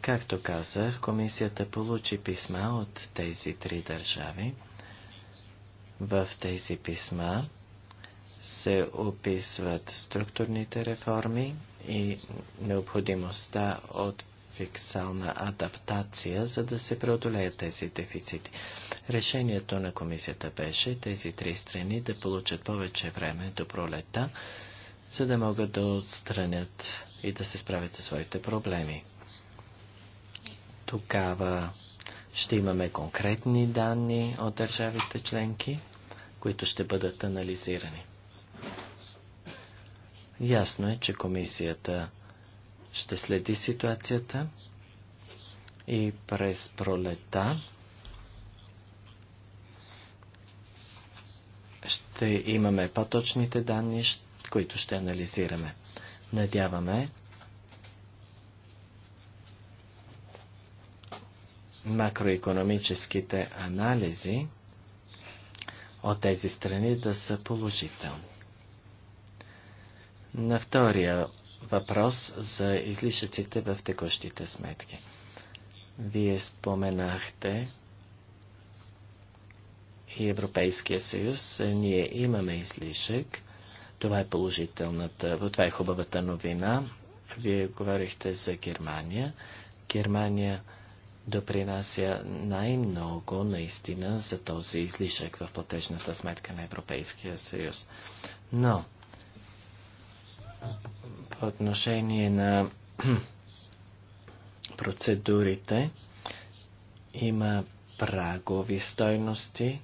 Както казах, комисията получи писма от тези три държави. В тези писма се описват структурните реформи и необходимостта от фиксална адаптация, за да се преодолеят тези дефицити. Решението на комисията беше тези три страни да получат повече време до пролета, за да могат да отстранят и да се справят със своите проблеми. Тогава ще имаме конкретни данни от държавите членки, които ще бъдат анализирани. Ясно е, че комисията ще следи ситуацията и през пролета ще имаме по-точните данни, които ще анализираме. Надяваме макроекономическите анализи от тези страни да са положителни. На втория въпрос за излишъците в текущите сметки. Вие споменахте и Европейския съюз ние имаме излишък. Това е положителната, това е хубавата новина. Вие говорихте за Германия. Германия допринася най-много наистина за този излишък в платежната сметка на Европейския съюз. Но по отношение на (clears throat) процедурите има прагови стойности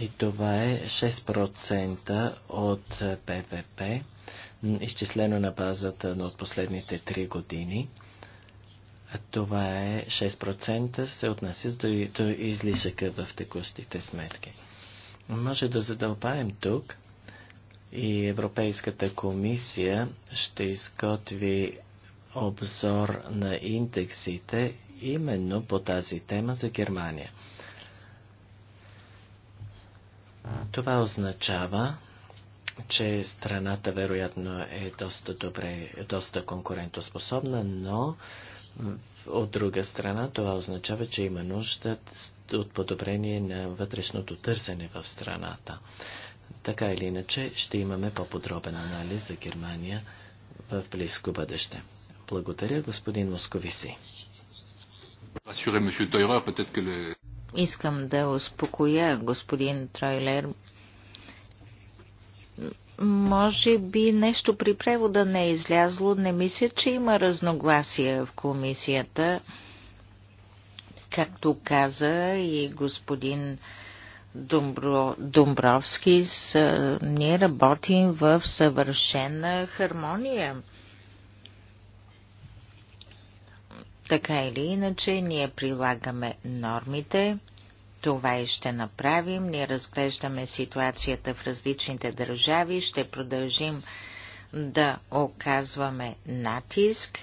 И това е 6% от ПВП, изчислено на базата на от последните 3 години. А това е 6% се отнася до, до излишъка в текущите сметки. Може да задълбаем тук и Европейската комисия ще изготви обзор на индексите именно по тази тема за Германия. Това означава, че страната вероятно е доста добре, доста конкурентоспособна, но от друга страна това означава, че има нужда от подобрение на вътрешното търсене в страната. Така или иначе ще имаме по-подробен анализ за Германия в близко бъдеще. Благодаря, господин Московиси. Искам да успокоя господин Тройлер. Може би нещо при превода не е излязло. Не мисля, че има разногласия в комисията. Както каза и господин Думбро, Думбровски, с, ние работим в съвършена хармония Така или иначе, ние прилагаме нормите, това и ще направим. Ние разглеждаме ситуацията в различните държави, ще продължим да оказваме натиск.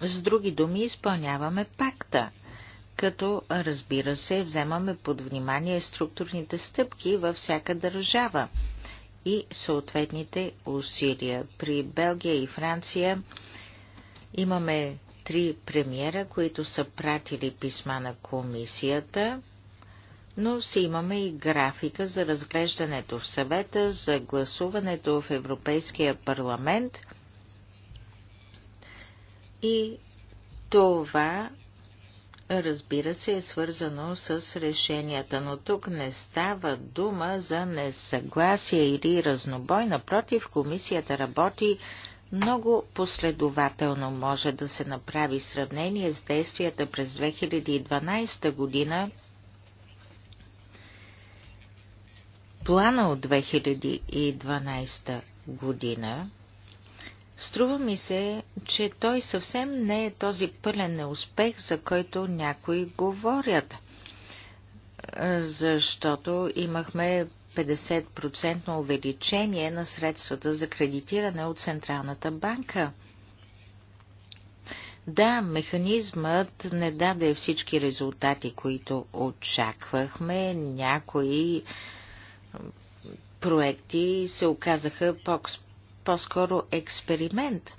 С други думи, изпълняваме пакта, като разбира се, вземаме под внимание структурните стъпки във всяка държава и съответните усилия. При Белгия и Франция Имаме три премиера, които са пратили писма на комисията, но си имаме и графика за разглеждането в съвета, за гласуването в Европейския парламент и това разбира се, е свързано с решенията, но тук не става дума за несъгласие или разнобой. Напротив, комисията работи много последователно може да се направи сравнение с действията през 2012 година, плана от 2012 година, Струва ми се, че той съвсем не е този пълен неуспех, за който някои говорят. Защото имахме 50% увеличение на средствата за кредитиране от Централната банка. Да, механизмът не даде всички резултати, които очаквахме. Някои проекти се оказаха по-скоро експеримент.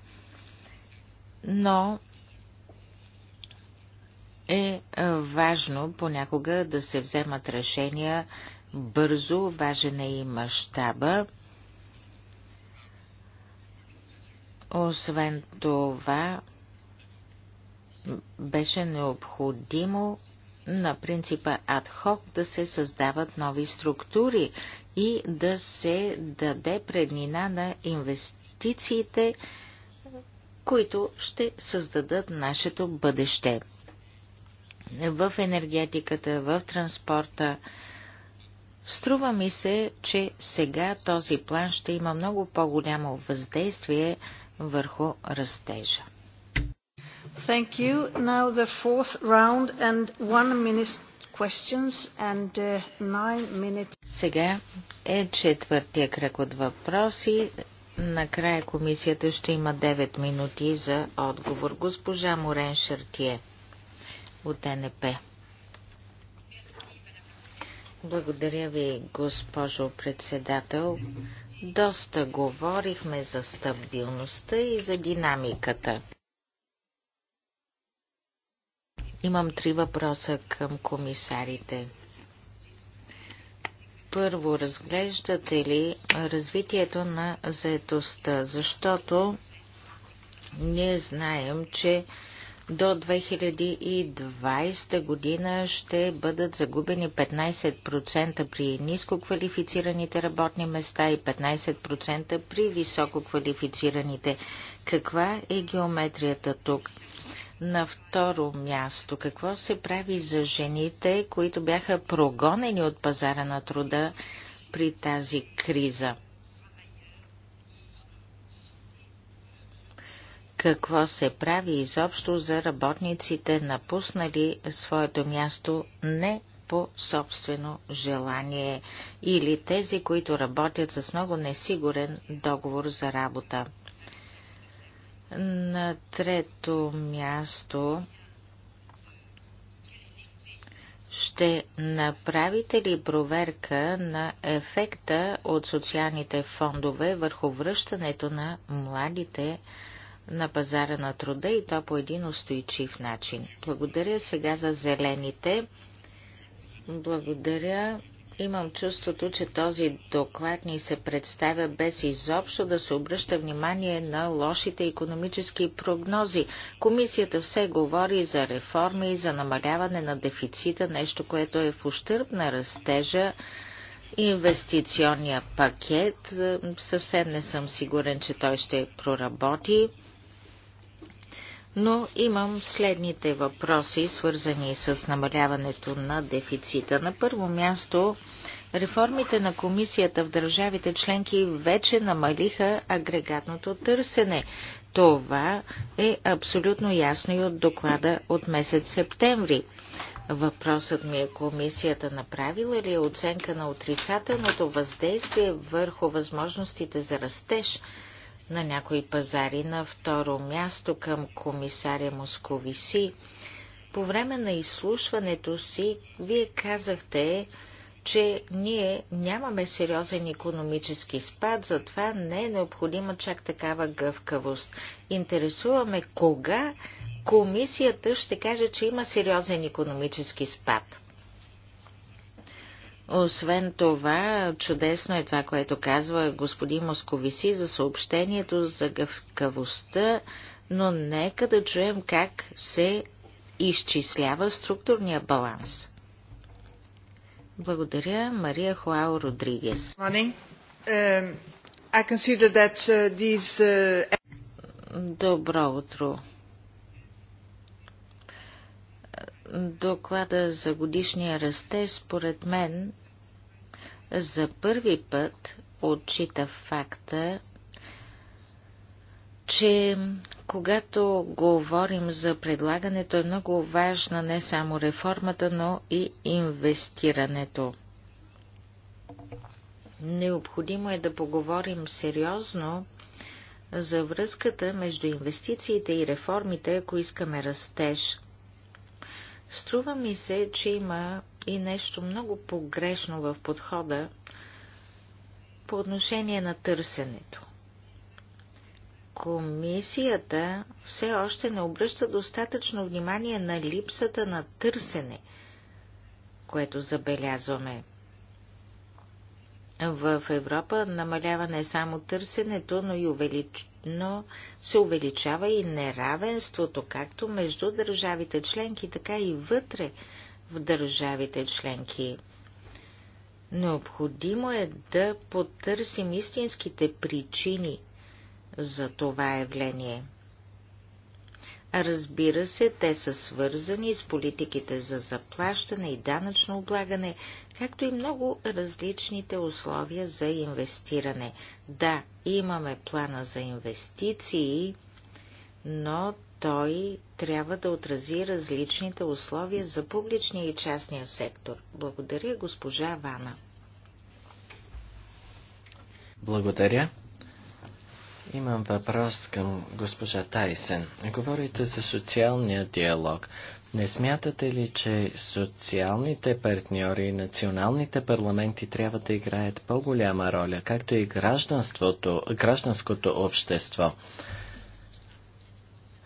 Но е важно понякога да се вземат решения бързо, важен е и мащаба. Освен това, беше необходимо на принципа адхок да се създават нови структури и да се даде преднина на инвестициите, които ще създадат нашето бъдеще. В енергетиката, в транспорта, Струва ми се, че сега този план ще има много по-голямо въздействие върху растежа. Thank you. Now the fourth round and one minute questions and uh, nine minutes. Сега е четвъртия кръг от въпроси. Накрая комисията ще има 9 минути за отговор. Госпожа Морен Шартие от НП. Благодаря ви, госпожо председател. Доста говорихме за стабилността и за динамиката. Имам три въпроса към комисарите. Първо, разглеждате ли развитието на заетостта? Защото ние знаем, че до 2020 година ще бъдат загубени 15% при ниско квалифицираните работни места и 15% при високо квалифицираните. Каква е геометрията тук? На второ място, какво се прави за жените, които бяха прогонени от пазара на труда при тази криза? какво се прави изобщо за работниците, напуснали своето място не по собствено желание или тези, които работят с много несигурен договор за работа. На трето място ще направите ли проверка на ефекта от социалните фондове върху връщането на младите на пазара на труда и то по един устойчив начин. Благодаря сега за зелените. Благодаря. Имам чувството, че този доклад ни се представя без изобщо да се обръща внимание на лошите економически прогнози. Комисията все говори за реформи и за намаляване на дефицита, нещо, което е в ущърб на растежа инвестиционния пакет. Съвсем не съм сигурен, че той ще проработи но имам следните въпроси, свързани с намаляването на дефицита. На първо място, реформите на комисията в държавите членки вече намалиха агрегатното търсене. Това е абсолютно ясно и от доклада от месец септември. Въпросът ми е комисията направила ли е оценка на отрицателното въздействие върху възможностите за растеж на някои пазари. На второ място към комисаря Московиси. По време на изслушването си, вие казахте, че ние нямаме сериозен економически спад, затова не е необходима чак такава гъвкавост. Интересуваме кога комисията ще каже, че има сериозен економически спад. Освен това, чудесно е това, което казва господин Московиси за съобщението за гъвкавостта, но нека да чуем как се изчислява структурния баланс. Благодаря, Мария Хуао Родригес. Um, uh, uh, Добро утро. доклада за годишния расте, според мен, за първи път отчита факта, че когато говорим за предлагането е много важна не само реформата, но и инвестирането. Необходимо е да поговорим сериозно за връзката между инвестициите и реформите, ако искаме растеж. Струва ми се, че има и нещо много погрешно в подхода по отношение на търсенето. Комисията все още не обръща достатъчно внимание на липсата на търсене, което забелязваме – в Европа намалява не само търсенето, но и увелич... но се увеличава и неравенството, както между държавите членки, така и вътре в държавите членки. Необходимо е да потърсим истинските причини за това явление. Разбира се, те са свързани с политиките за заплащане и данъчно облагане, както и много различните условия за инвестиране. Да, имаме плана за инвестиции, но той трябва да отрази различните условия за публичния и частния сектор. Благодаря, госпожа Вана. Благодаря. Имам въпрос към госпожа Тайсен. Говорите за социалния диалог. Не смятате ли, че социалните партньори и националните парламенти трябва да играят по-голяма роля, както и гражданството, гражданското общество?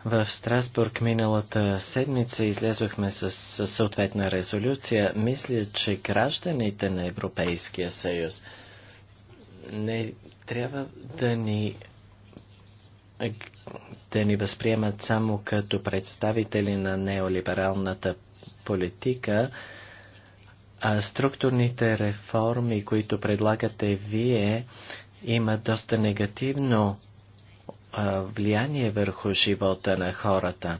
В Страсбург миналата седмица излезохме с, с съответна резолюция. Мисля, че гражданите на Европейския съюз не трябва да ни да ни възприемат само като представители на неолибералната политика, а структурните реформи, които предлагате вие, имат доста негативно влияние върху живота на хората.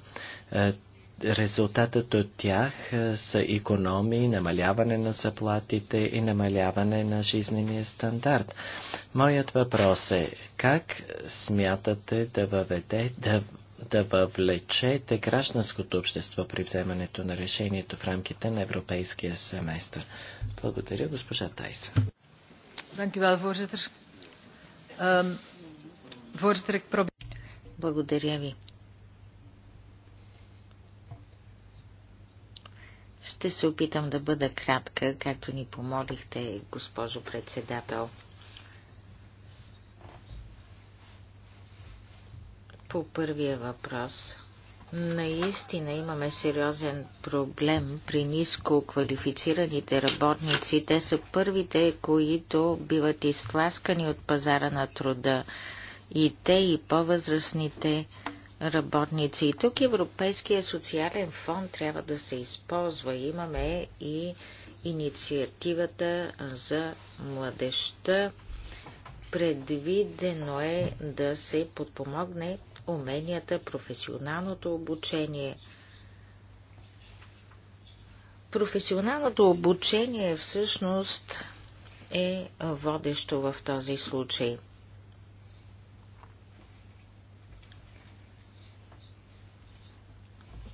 Резултатът от тях е, са економии, намаляване на заплатите и намаляване на жизнения стандарт. Моят въпрос е, как смятате да въведе, да, да въвлечете гражданското общество при вземането на решението в рамките на европейския семестър? Благодаря, госпожа Тайса. Ehm, Благодаря ви. Ще се опитам да бъда кратка, както ни помолихте, госпожо председател. По първия въпрос. Наистина имаме сериозен проблем при ниско квалифицираните работници. Те са първите, които биват изтласкани от пазара на труда. И те, и по-възрастните, работници. И тук Европейския социален фонд трябва да се използва. Имаме и инициативата за младеща. Предвидено е да се подпомогне уменията, професионалното обучение. Професионалното обучение всъщност е водещо в този случай –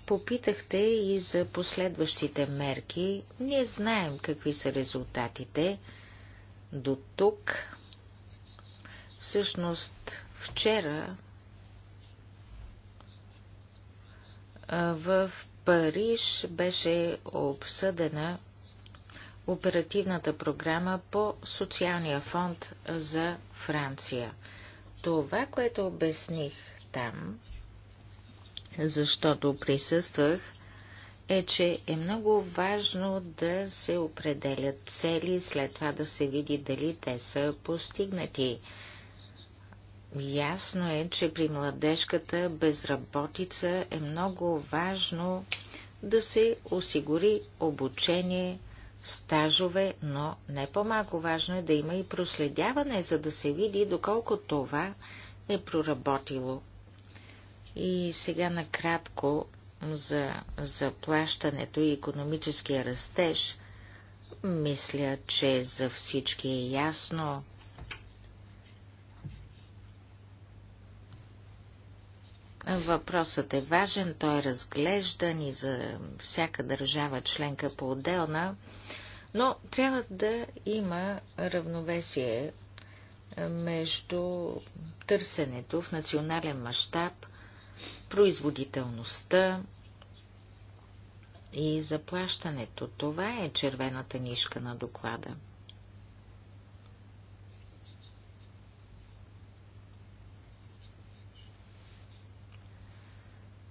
Попитахте и за последващите мерки. Ние знаем какви са резултатите до тук. Всъщност, вчера в Париж беше обсъдена оперативната програма по социалния фонд за Франция. Това, което обясних там, защото присъствах, е, че е много важно да се определят цели, след това да се види дали те са постигнати. Ясно е, че при младежката безработица е много важно да се осигури обучение, стажове, но не по-малко важно е да има и проследяване, за да се види доколко това е проработило. И сега накратко за заплащането и економическия растеж. Мисля, че за всички е ясно, Въпросът е важен, той е разглеждан и за всяка държава членка по-отделна, но трябва да има равновесие между търсенето в национален мащаб производителността и заплащането. Това е червената нишка на доклада.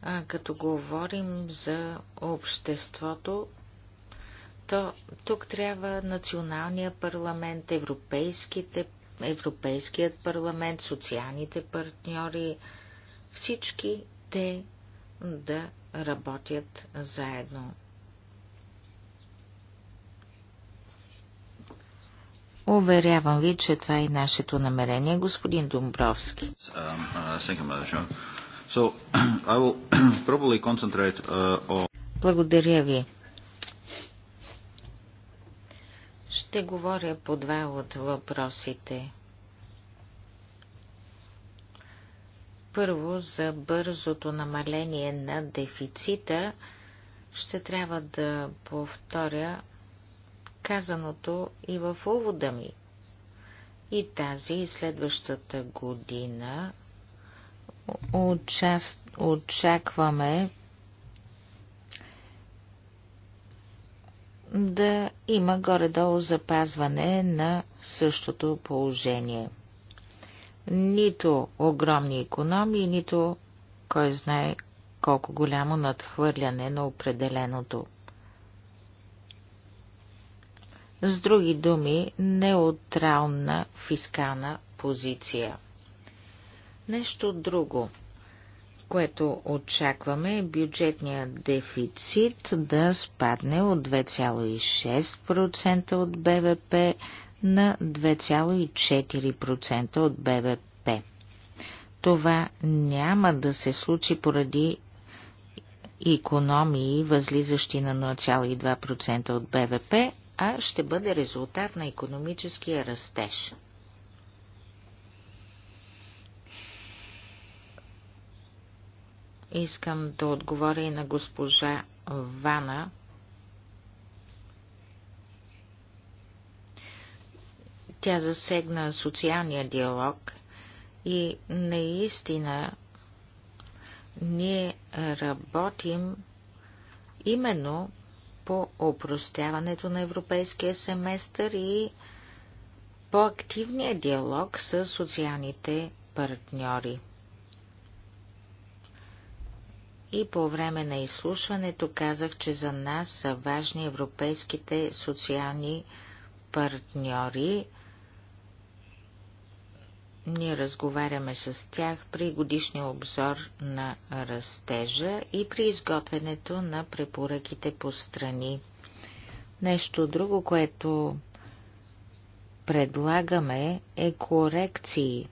А като говорим за обществото, то тук трябва националния парламент, европейските, европейският парламент, социалните партньори, всички те да работят заедно. Уверявам ви, че това е нашето намерение, господин Домбровски. Um, uh, (clears throat) (clears throat) uh, Благодаря ви. Ще говоря по два от въпросите. Първо, за бързото намаление на дефицита ще трябва да повторя казаното и в увода ми. И тази и следващата година Участ... очакваме да има горе-долу запазване на същото положение. Нито огромни економии, нито кой знае колко голямо надхвърляне на определеното. С други думи, неутрална фискална позиция. Нещо друго, което очакваме е бюджетния дефицит да спадне от 2,6% от БВП на 2,4% от БВП. Това няма да се случи поради економии, възлизащи на 0,2% от БВП, а ще бъде резултат на економическия растеж. Искам да отговоря и на госпожа Вана Тя засегна социалния диалог и наистина ние работим именно по опростяването на европейския семестър и по-активния диалог с социалните партньори. И по време на изслушването казах, че за нас са важни европейските социални партньори. Ние разговаряме с тях при годишния обзор на растежа и при изготвянето на препоръките по страни. Нещо друго, което предлагаме е корекции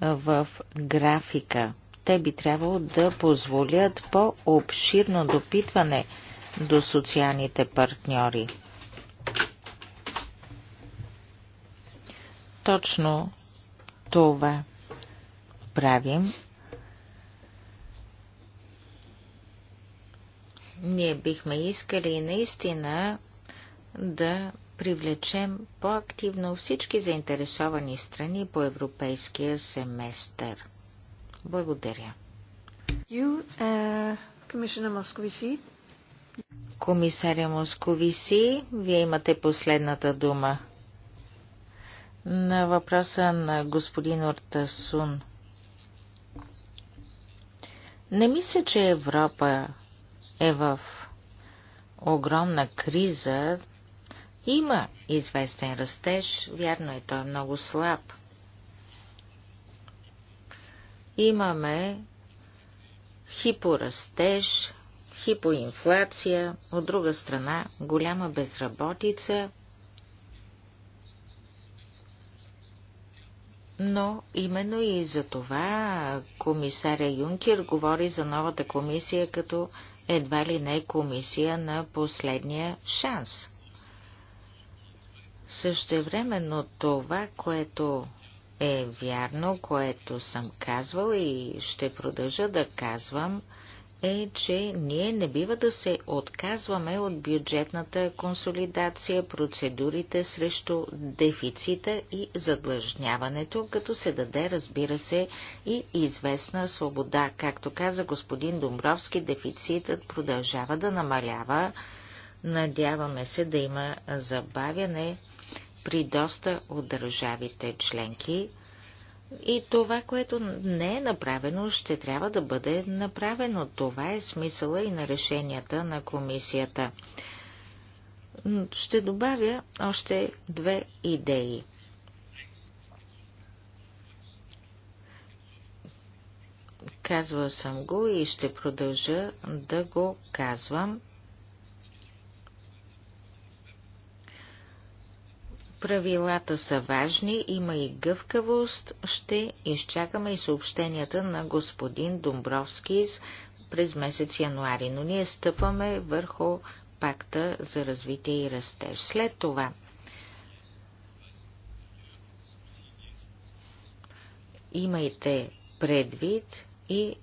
в графика. Те би трябвало да позволят по-обширно допитване до социалните партньори. Точно това правим. Ние бихме искали наистина да привлечем по-активно всички заинтересовани страни по европейския семестър. Благодаря. You, uh, Комисаря Московиси, вие имате последната дума. На въпроса на господин Ортасун. Не мисля, че Европа е в огромна криза. Има известен растеж, вярно е, той е много слаб. Имаме хипорастеж, хипоинфлация, от друга страна голяма безработица Но именно и за това комисаря Юнкер говори за новата комисия като едва ли не комисия на последния шанс. Същевременно това, което е вярно, което съм казвал и ще продължа да казвам – е, че ние не бива да се отказваме от бюджетната консолидация, процедурите срещу дефицита и задлъжняването, като се даде, разбира се, и известна свобода. Както каза господин Домбровски, дефицитът продължава да намалява. Надяваме се да има забавяне при доста от държавите членки. И това, което не е направено, ще трябва да бъде направено. Това е смисъла и на решенията на комисията. Ще добавя още две идеи. Казвал съм го и ще продължа да го казвам. Правилата са важни, има и гъвкавост. Ще изчакаме и съобщенията на господин Домбровски през месец януари, но ние стъпваме върху пакта за развитие и растеж. След това имайте предвид и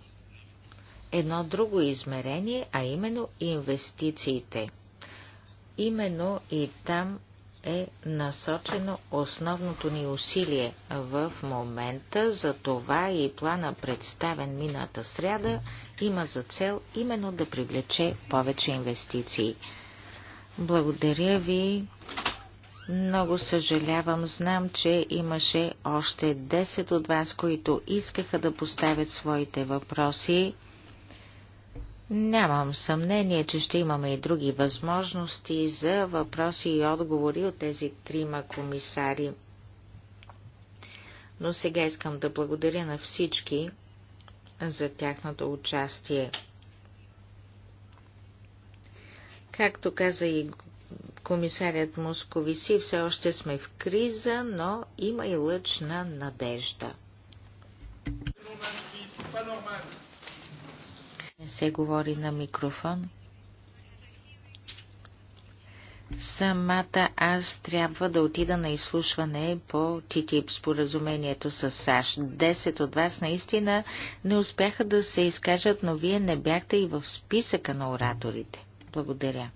едно друго измерение, а именно инвестициите. Именно и там е насочено основното ни усилие в момента, за това и плана представен мината сряда има за цел именно да привлече повече инвестиции. Благодаря ви. Много съжалявам. Знам, че имаше още 10 от вас, които искаха да поставят своите въпроси. Нямам съмнение, че ще имаме и други възможности за въпроси и отговори от тези трима комисари. Но сега искам да благодаря на всички за тяхното участие. Както каза и комисарят Московиси, все още сме в криза, но има и лъчна надежда – Не се говори на микрофон. Самата аз трябва да отида на изслушване по ТТИП споразумението с САЩ. Десет от вас наистина не успяха да се изкажат, но вие не бяхте и в списъка на ораторите. Благодаря.